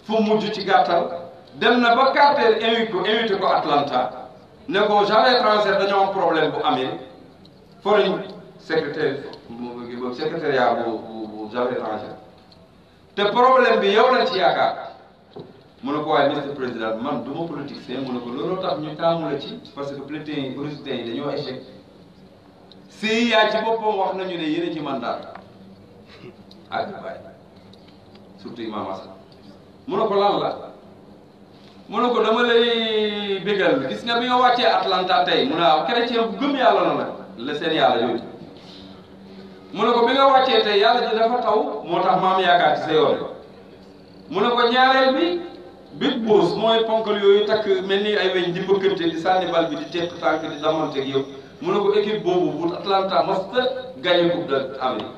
fu mujj ci gàttal dem na ba Carter invité ko ko Atlanta ne ko jamais étrangère dañoo problème bu amee foreign secrétaire secrétariat bu bu bu jamais étrangère te problème bi yow lañ ci yaakaar mun ne ko waaye ministre président man du ma politicien mu ne ko looloo tax ñu taamu la ci parce que bulletins yi résultats yi dañoo échec si yaa ci boppam wax nañu ne yéen a ci mandat ak bàyyi surtout Imam Assane mu ne ko lan la mu ne ko dama lay bégal gis nga bi nga wàccee Atlanta tey mu ne waaw chrétien bu gëm yàlla na la seen yàlla yooyu mu ne ko bi nga wàccee tey yàlla ji dafa taw moo tax maam yaakaar ci sa yoon mu ne ko ñaareel bi big boss mooy ponkal yooyu takk mel ni ay weñ di mbëkkante di sànni bal bi di tekk tànk di damanteeg yow mu ne ko équipe boobu bu Atlanta masta gagné coupe d'Amérique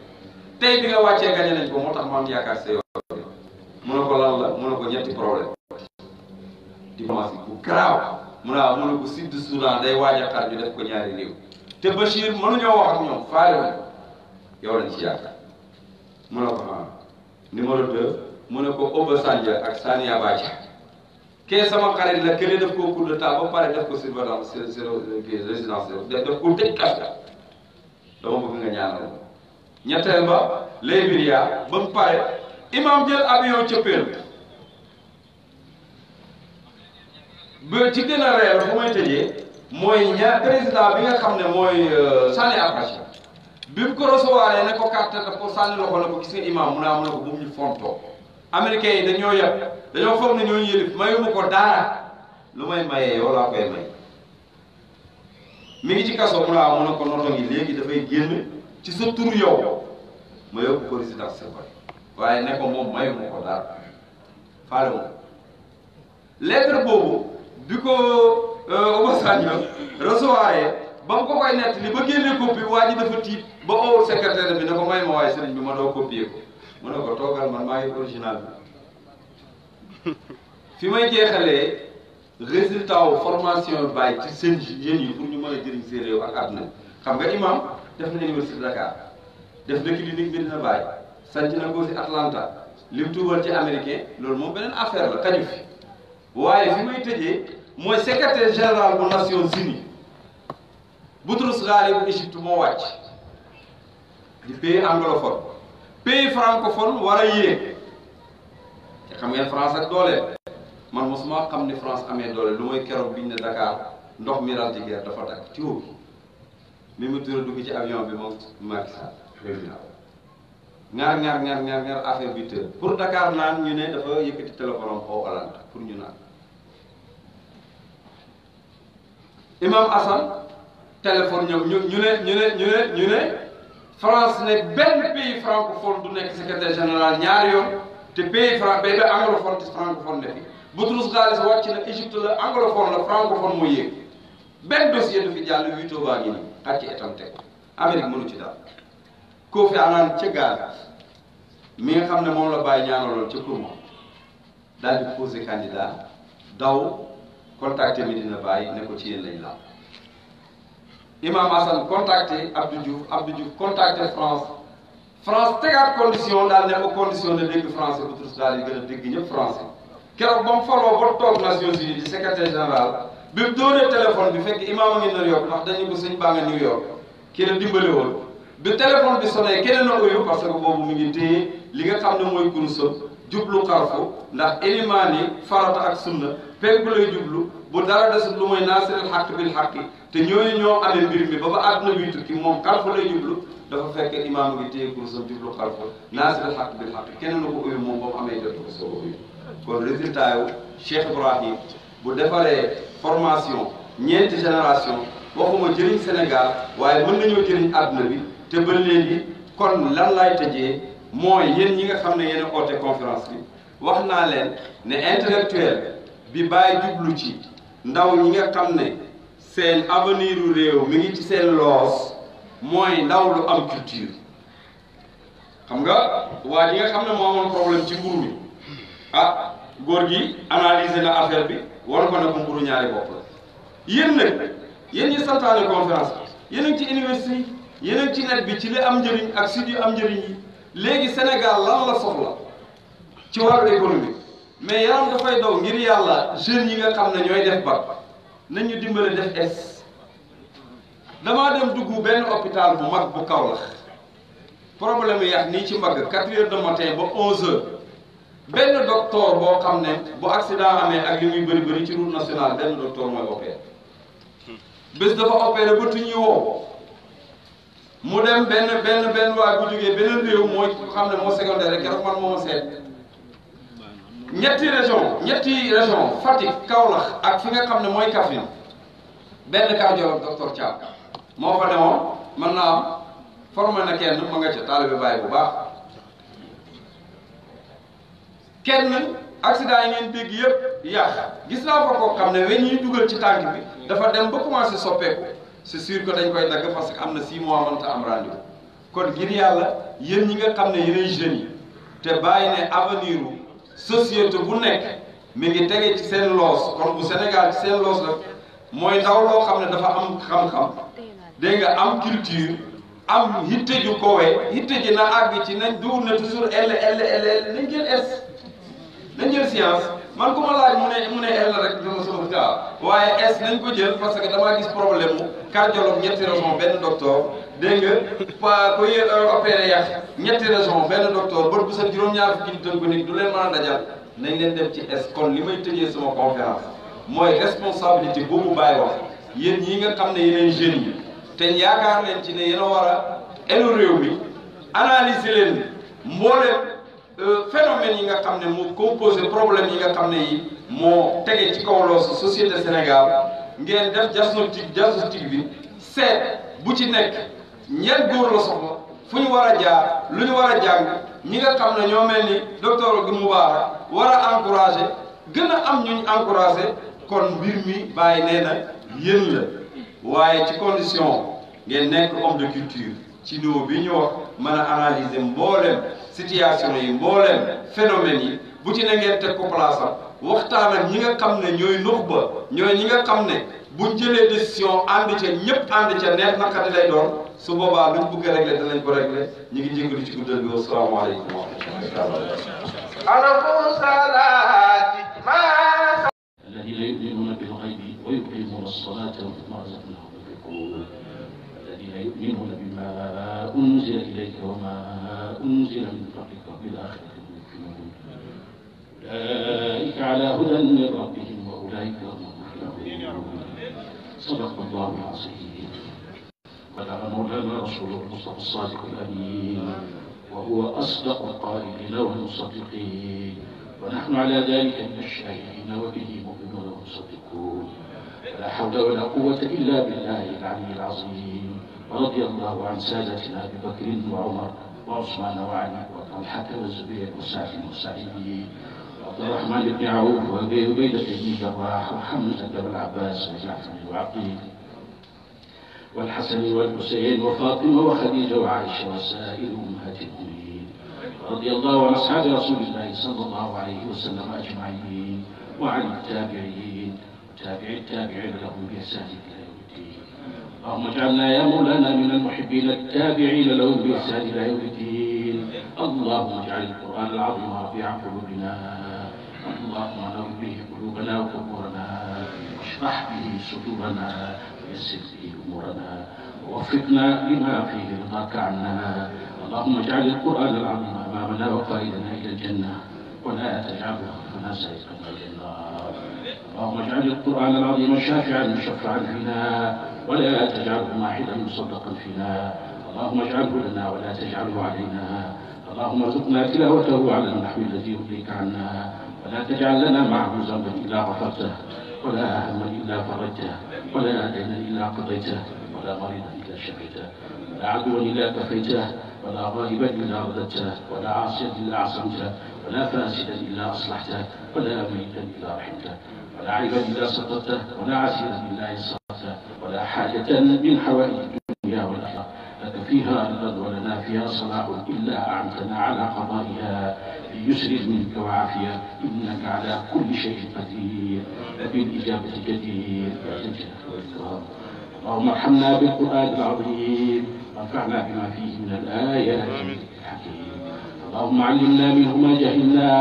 tey bi nga wàccee gagné nañ ko moo tax maam yaakaar mun na ko lan la mun na ko ñetti problème diplomatie bu garaaw a mun na ko Sud Soudan day waaj a xar ñu def ko ñaari réew te Bachir mënuñoo wax ak ñoom faale woon yow lañ ci yaakaar mun na ko xam ah, numéro 2 mun na ko Obasanjo ak Sani Abacha kee sama xarit la kële def ko coup d'état ba pare def ko surveillance euh, zéro euh, résidence zéro def ko tëj kàddu dama bëgg nga ñaanal ñetteel ba Liberia ba mu pare. imam jël avion cëppeel ba ci gën a reer bu may mooy ñaar président bi nga xam ne mooy euh, Sané Abacha bi mu ko recevoir ne ko carte daf ko sànni loxo na ko gis imam mu ne am na ko bu mu ñu fontoo américains yi dañoo yab dañoo foog ne ñoo ko dara lu may mayee yow laa koy may mi ngi ci kaso mu laa ah, mun a ko noto ngi léegi dafay génn ci sa tur yow ma yóbbu ko résidence surveillée waaye ne ko moom mayu ma ko dara faale boobu bi ko euh, Obasanjo recevoir ba mu ko koy nett li ba génne copie waa ji dafa tiit ba owul secrétaire bi ne ko may ma waaye sëriñ bi ma doo copier ko mu ne ko toogal man maa ngi original bi (laughs) fi may jeexalee résultat wu formation bàyyi ci seen jeunes yi pour ñu mën a jëriñ seen réew ak àdduna xam nga imam def na université Dakar def na clinique Medina Baye sanc na nguur Atlanta li mu tuubal ci américain loolu moom beneen affaire la kañu fi waaye fi muy tëjee mooy secrétaire général bu Nations Unies Boutros Ghali bu Égypte moo wàcc di pays anglophone pays francophone war a yéeg te xam ngeen France ak doole man mosuma xam ni France amee doole lu mooy keroog biñ ne Dakar ndox mi ral ci guerre dafa dakk ci bi mi mu turé dugg ci avion bi moom Macky Sall ñaar ñaar ñaar ñaar ñaar affaire huit heures pour Dakar naan ñu ne dafa yëkkati téléphone am oo pour ñu naan imam Assane téléphone ñëw ñu ñu ne ñu ne ñu ne ñu ne France ne benn pays francophone du nekk secrétaire général ñaari yoon te pays franc bay ba anglophone te francophone ne fi Boutros Ghali wàcc na Égypte la anglophone la francophone moo yéeg benn dossier du fi jàll huit heures waa nii xaj ci étam teg Amérique ci daal Kofi Annan ca gaal mi nga xam ne moom la bàyyi ñaanaloon ca kurma daal di posé candidat daw contacté Medina Baye ne ko ci yéen lañ la Imam Hassan contacté Abdou Diouf Abdou Diouf contacté France France tegaat condition daal ne ko condition ne dégg français bu tous daal di gën a dégg ñëpp français keroog ba mu faloo ba toog Nations Unies di secrétaire général bi mu dóoree téléphone bi fekk imam a ngi New York ndax dañu ko sëñ baa nga New York kii la dimbale lu téléphone bi sonné keneen na uyu parce que boobu mu ngi téye li nga xam ne mooy kurusam jublu xarfu ndax élimaan yi farata ak sunna penku lay jublu bu dara desut lu mooy naasiril xaq bil xaqi te ñooñu ñoo amee mbir mi ba ba àdduna bi tukki moom xarfu lay jublu dafa fekk imaam bi téye kurusam jublu xarfu naasiril xaq bil xaqi keneen na ko uyu moom ba mu amee jot ko soo uyu kon résultat yu Ibrahim bu defaree formation ñeenti génération waxuma jëriñ Sénégal waaye mën nañoo jëriñ àdduna bi te ba léegi kon lan laay tëjee mooy yéen ñi nga xam ne yenn a oote bi wax naa leen ne intellectuel bi bàyyi jublu ci ndaw ñi nga xam ne seen avenir réew mi ngi ci seen loos mooy ndaw lu am culture xam nga waa ji nga xam ne moo amoon problème ci mburu mi ah góor gi analyser na affaire bi war ko ne ko mburu ñaari bopp la yéen nag yéen ñi santaane conférence yéen a ngi ci université yi yéen ci net bi ci li am njëriñ ak site yu am njëriñ yi léegi Sénégal lan la soxla ci wàllu économique mais yaram dafay daw ngir yàlla jeunes yi nga xam ne ñooy def ba nañ ñu dimbale def es damaa dem dugg benn hôpital bu mag bu Kaolack problème yax nii ci mbagg quatre heures de matin ba onze benn docteur boo xam ne bu accident amee ak li muy bëri bëri ci route nationale benn docteur mooy opéré bés dafa opéré ba tuñ ñu dem benn benn benn waa bu jógee beneen réew mooy xam ne moo secondaire keroog man moo seet ñetti région ñetti région Fatick Kaolack ak fi nga xam ne mooy Kaffrine benn cardiologue docteur Thiam moo fa demoon mën naa am formé na kenn ma nga ca taalibe bàyyi bu baax kenn accident yi ngeen dégg yëpp yàq gis naa ko koo xam ne weñ ñuy dugal ci tànk bi dafa dem ba commencé soppeeku si sûr que dañ koy dagg parce que am na six mois mënta am rendez kon ngir yàlla yéen ñi nga xam ne yéenay jeunes yi te bàyyi ne avenir u société bu nekk mi ngi tege ci seen loos kon bu Sénégal ci seen loos la mooy ndaw loo xam ne dafa am xam-xam dégg nga am culture am hitte ju kowee hitte ji na àgg ci nañ duur ne toujours elle elle elle nañ jël es nañ jël science man ku ma laaj mu ne mu ne L rek dama sama cas waaye S nañ ko jël parce que damaa gis problème mu cardiologue ñetti raison benn docteur dégg nga pa ko yéen euh, opéré ñetti raison benn docteur bët bu sa juróom-ñaar fukki nit ko nekk du leen mën a dajal nañ leen dem ci S kon li may tëjee sama conférence mooy responsabilité boobu bàyyi wax yéen ñi nga xam ne yeneen jeunes yi te yaakaar leen ci ne yéen a war a elu réew bi analyser leen Euh, phénomène yi nga xam ne moo composé problème yi nga xam ne yi moo tege ci kaw loosu société Sénégal ngeen def diagnostic diagnostic bi seet bu ci nekk ñeent góor la soxla fu ñu war a jaar lu ñu war a jàng ñi nga xam ne ñoo mel ni docteur gi Moubarak war a encouragé gën a am ñuñ encouragé kon mbir mi bàyyi nee na yéen la waaye ci condition ngeen nekk homme de culture ci niveau bi ñu wax mën a analyser mbooleem situation yi mbooleem phénomène yi bu ci na ngeen teg ko place am waxtaan ñi nga xam ne ñooy nux ba ñooy ñi nga xam ne buñ jëlee décision ànd ca ñëpp ànd ca neex naqari lay doon su boobaa luñ bëgg a réglé danañ ko réglé ñu ngi jégalu ci guddal bi wasalaamaaleykum wa rahmatulah. هدى من ربهم وأولئك هم المفلحون صدق الله العظيم بلغ مولانا رسول المصطفى الصادق الأمين وهو أصدق القائلين والمصدقين ونحن على ذلك من الشاهدين وبه مؤمنون ومصدقون لا حول ولا قوة إلا بالله العلي العظيم ورضي الله عن سادتنا أبي بكر وعمر وعثمان وعلي وطلحة والزبير وسعد المساعدين عبد الرحمن بن عوف وابي عبيده بن جراح وحمزه بن العباس وجعفر الواقي والحسن والحسين وفاطمه وخديجه وعائشه وسائر امهات المؤمنين رضي الله عن اصحاب رسول الله صلى الله عليه وسلم اجمعين وعن التابعين وتابعي التابعين لهم باحسان الى يوم الدين اللهم اجعلنا يا مولانا من المحبين التابعين لهم باحسان الى يوم الدين اللهم اجعل القران العظيم ربيع قلوبنا اللهم لهم به قلوبنا وقبورنا واشرح به صدورنا ويسر به امورنا ووفقنا لما فيه رضاك عنا اللهم اجعل القران العظيم امامنا وقائدنا الى الجنه ولا تجعله ربنا سيئا الى النار اللهم اجعل القران العظيم شافعا مشفعا فينا ولا تجعله ماحلا مصدقا فينا اللهم اجعله لنا ولا تجعله علينا اللهم ارزقنا تلاوته على النحو الذي يرضيك عنا ولا تجعل لنا معه ذنبا إلا غفرته ولا هما إلا فرجته ولا دينا إلا قضيته ولا مريضا إلا شفيته ولا عدوا إلا كفيته ولا غائبا إلا رددته ولا عاصيا إلا عصمته ولا فاسدا إلا أصلحته ولا ميتا إلا رحمته ولا عيبا إلا سقطته ولا عسيرا إلا يسرته ولا حاجة من حوائج الدنيا والآخرة لك فيها رضا ولنا فيها صلاح إلا أعنتنا على قضائها يسرني وعافية إنك على كل شيء قدير بالإجابة جدير اللهم ارحمنا بالقرآن العظيم وانفعنا بما فيه من الآيات الحكيم اللهم علمنا منه ما جهلنا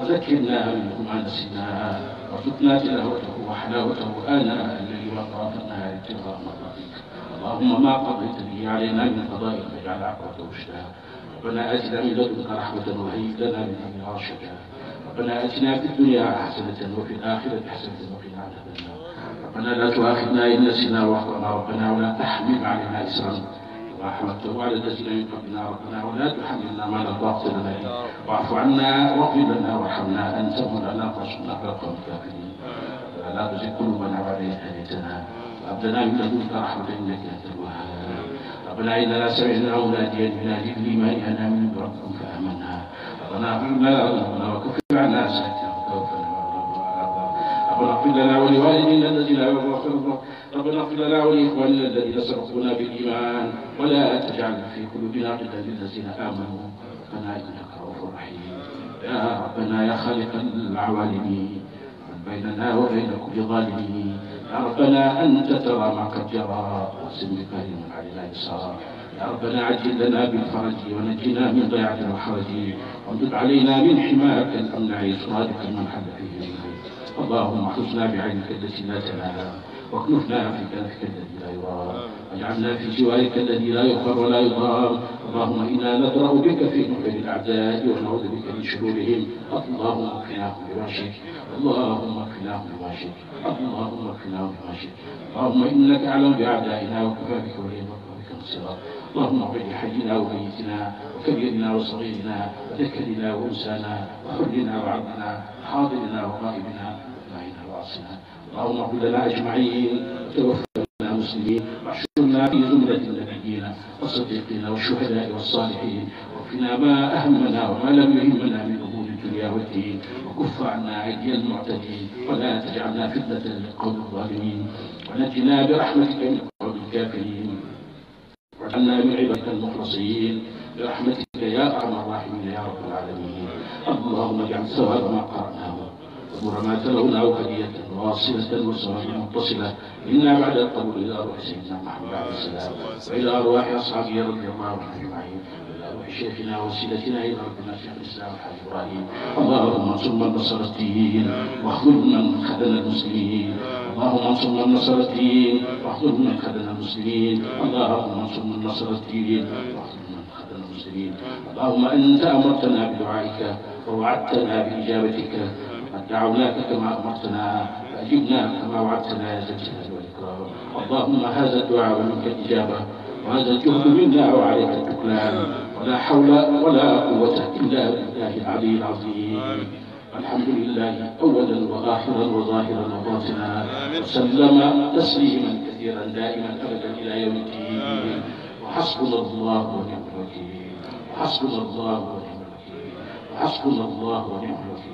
وذكرنا منه ما نسينا وارزقنا تلاوته وحلاوته آناء الليل وأطراف النهار ابتغاء مرضاتك اللهم ما قضيت به علينا من قضاء فاجعل عقبته رشدا ربنا آتنا من لدنك رحمة وهيئ لنا من أمرنا رشدا ربنا آتنا في الدنيا حسنة وفي الآخرة حسنة وقنا عذاب النار ربنا لا تؤاخذنا إن نسينا وأخطأنا ربنا ولا تحمل علينا إسرا كما حملته على الذين من قبلنا ربنا ولا تحملنا ما لا طاقة لنا به واعف عنا واغفر لنا وارحمنا أنت مولانا فانصرنا على القوم الكافرين لا تزغ قلوبنا بعد إذ هديتنا وهب لنا من لدنك رحمة إنك أنت الوهاب ربنا إننا سمعنا مناديا ينادي الإيمان أن آمنوا بربكم فآمنا ربنا اغفر لنا ذنوبنا وكفر عنا سيئاتنا وتوفنا مع الأبرار ربنا اغفر لنا ولوالدينا الذين آمنوا ربنا اغفر لنا ولإخواننا الذين سبقونا بالإيمان ولا تجعل في قلوبنا غلا للذين آمنوا ربنا إنك رؤوف رحيم يا ربنا يا خالق العوالمين من بيننا وبينكم بظالمين يا ربنا أنت ترى ما قد جرى وسمك من علينا يسار يا ربنا عجل لنا بالفرج ونجنا من ضياع الحرج وامدد علينا من حماك الأمن إصرارك من حل فيه اللهم احرسنا بعينك التي لا تنام واكنفنا بكنفك الذي لا يرام واجعلنا في جوارك الذي لا يقهر ولا يضام اللهم انا نبرا بك في نحور الاعداء ونعوذ بك من شرورهم اللهم اكفناهم بما شئت اللهم اكفناهم بما شئت اللهم اكفناهم بما شئت اللهم انك اعلم باعدائنا وكفى بك وليا وكفى بك نصيرا اللهم اغفر لحينا وميتنا وكبيرنا وصغيرنا ذكرنا وانسانا وحرنا وعبدنا حاضرنا وغائبنا داعنا واعصنا اللهم اغفر لنا اجمعين المسلمين شرنا في زمرة النبيين والصديقين والشهداء والصالحين وقنا ما أهمنا وما لم يهمنا من أمور الدنيا والدين وكف عنا أيدي المعتدين ولا تجعلنا فتنة للقوم الظالمين ونجنا برحمتك من القوم الكافرين واجعلنا من عبادك المخلصين برحمتك يا أرحم الراحمين يا رب العالمين اللهم اجعل ثواب ما قرأناه دبر ما تلون أو هدية واصلة وسواء متصلة إلا بعد القبول إلى أرواح سيدنا محمد عليه السلام وإلى أرواح أصحابه رضي الله عنهم أجمعين شيخنا وسيلتنا الى ربنا شيخ الاسلام الحاج ابراهيم اللهم انصر من نصر الدين واخذل من خذل المسلمين اللهم انصر من نصر الدين واخذل من خذل المسلمين اللهم انصر من نصر الدين واخذل من خذل المسلمين اللهم انت امرتنا بدعائك ووعدتنا باجابتك دعوناك كما أمرتنا فأجبنا كما وعدتنا يا ذا الجلال والإكرام اللهم هذا الدعاء ومنك الإجابة وهذا الجهد منا وعليك التكلان ولا حول ولا قوة إلا بالله العلي العظيم الحمد لله أولا وآخرا وظاهرا وباطنا وسلم تسليما كثيرا دائما أبدا إلى يوم الدين وحسبنا الله ونعم الوكيل وحسبنا الله ونعم الوكيل وحسبنا الله ونعم الوكيل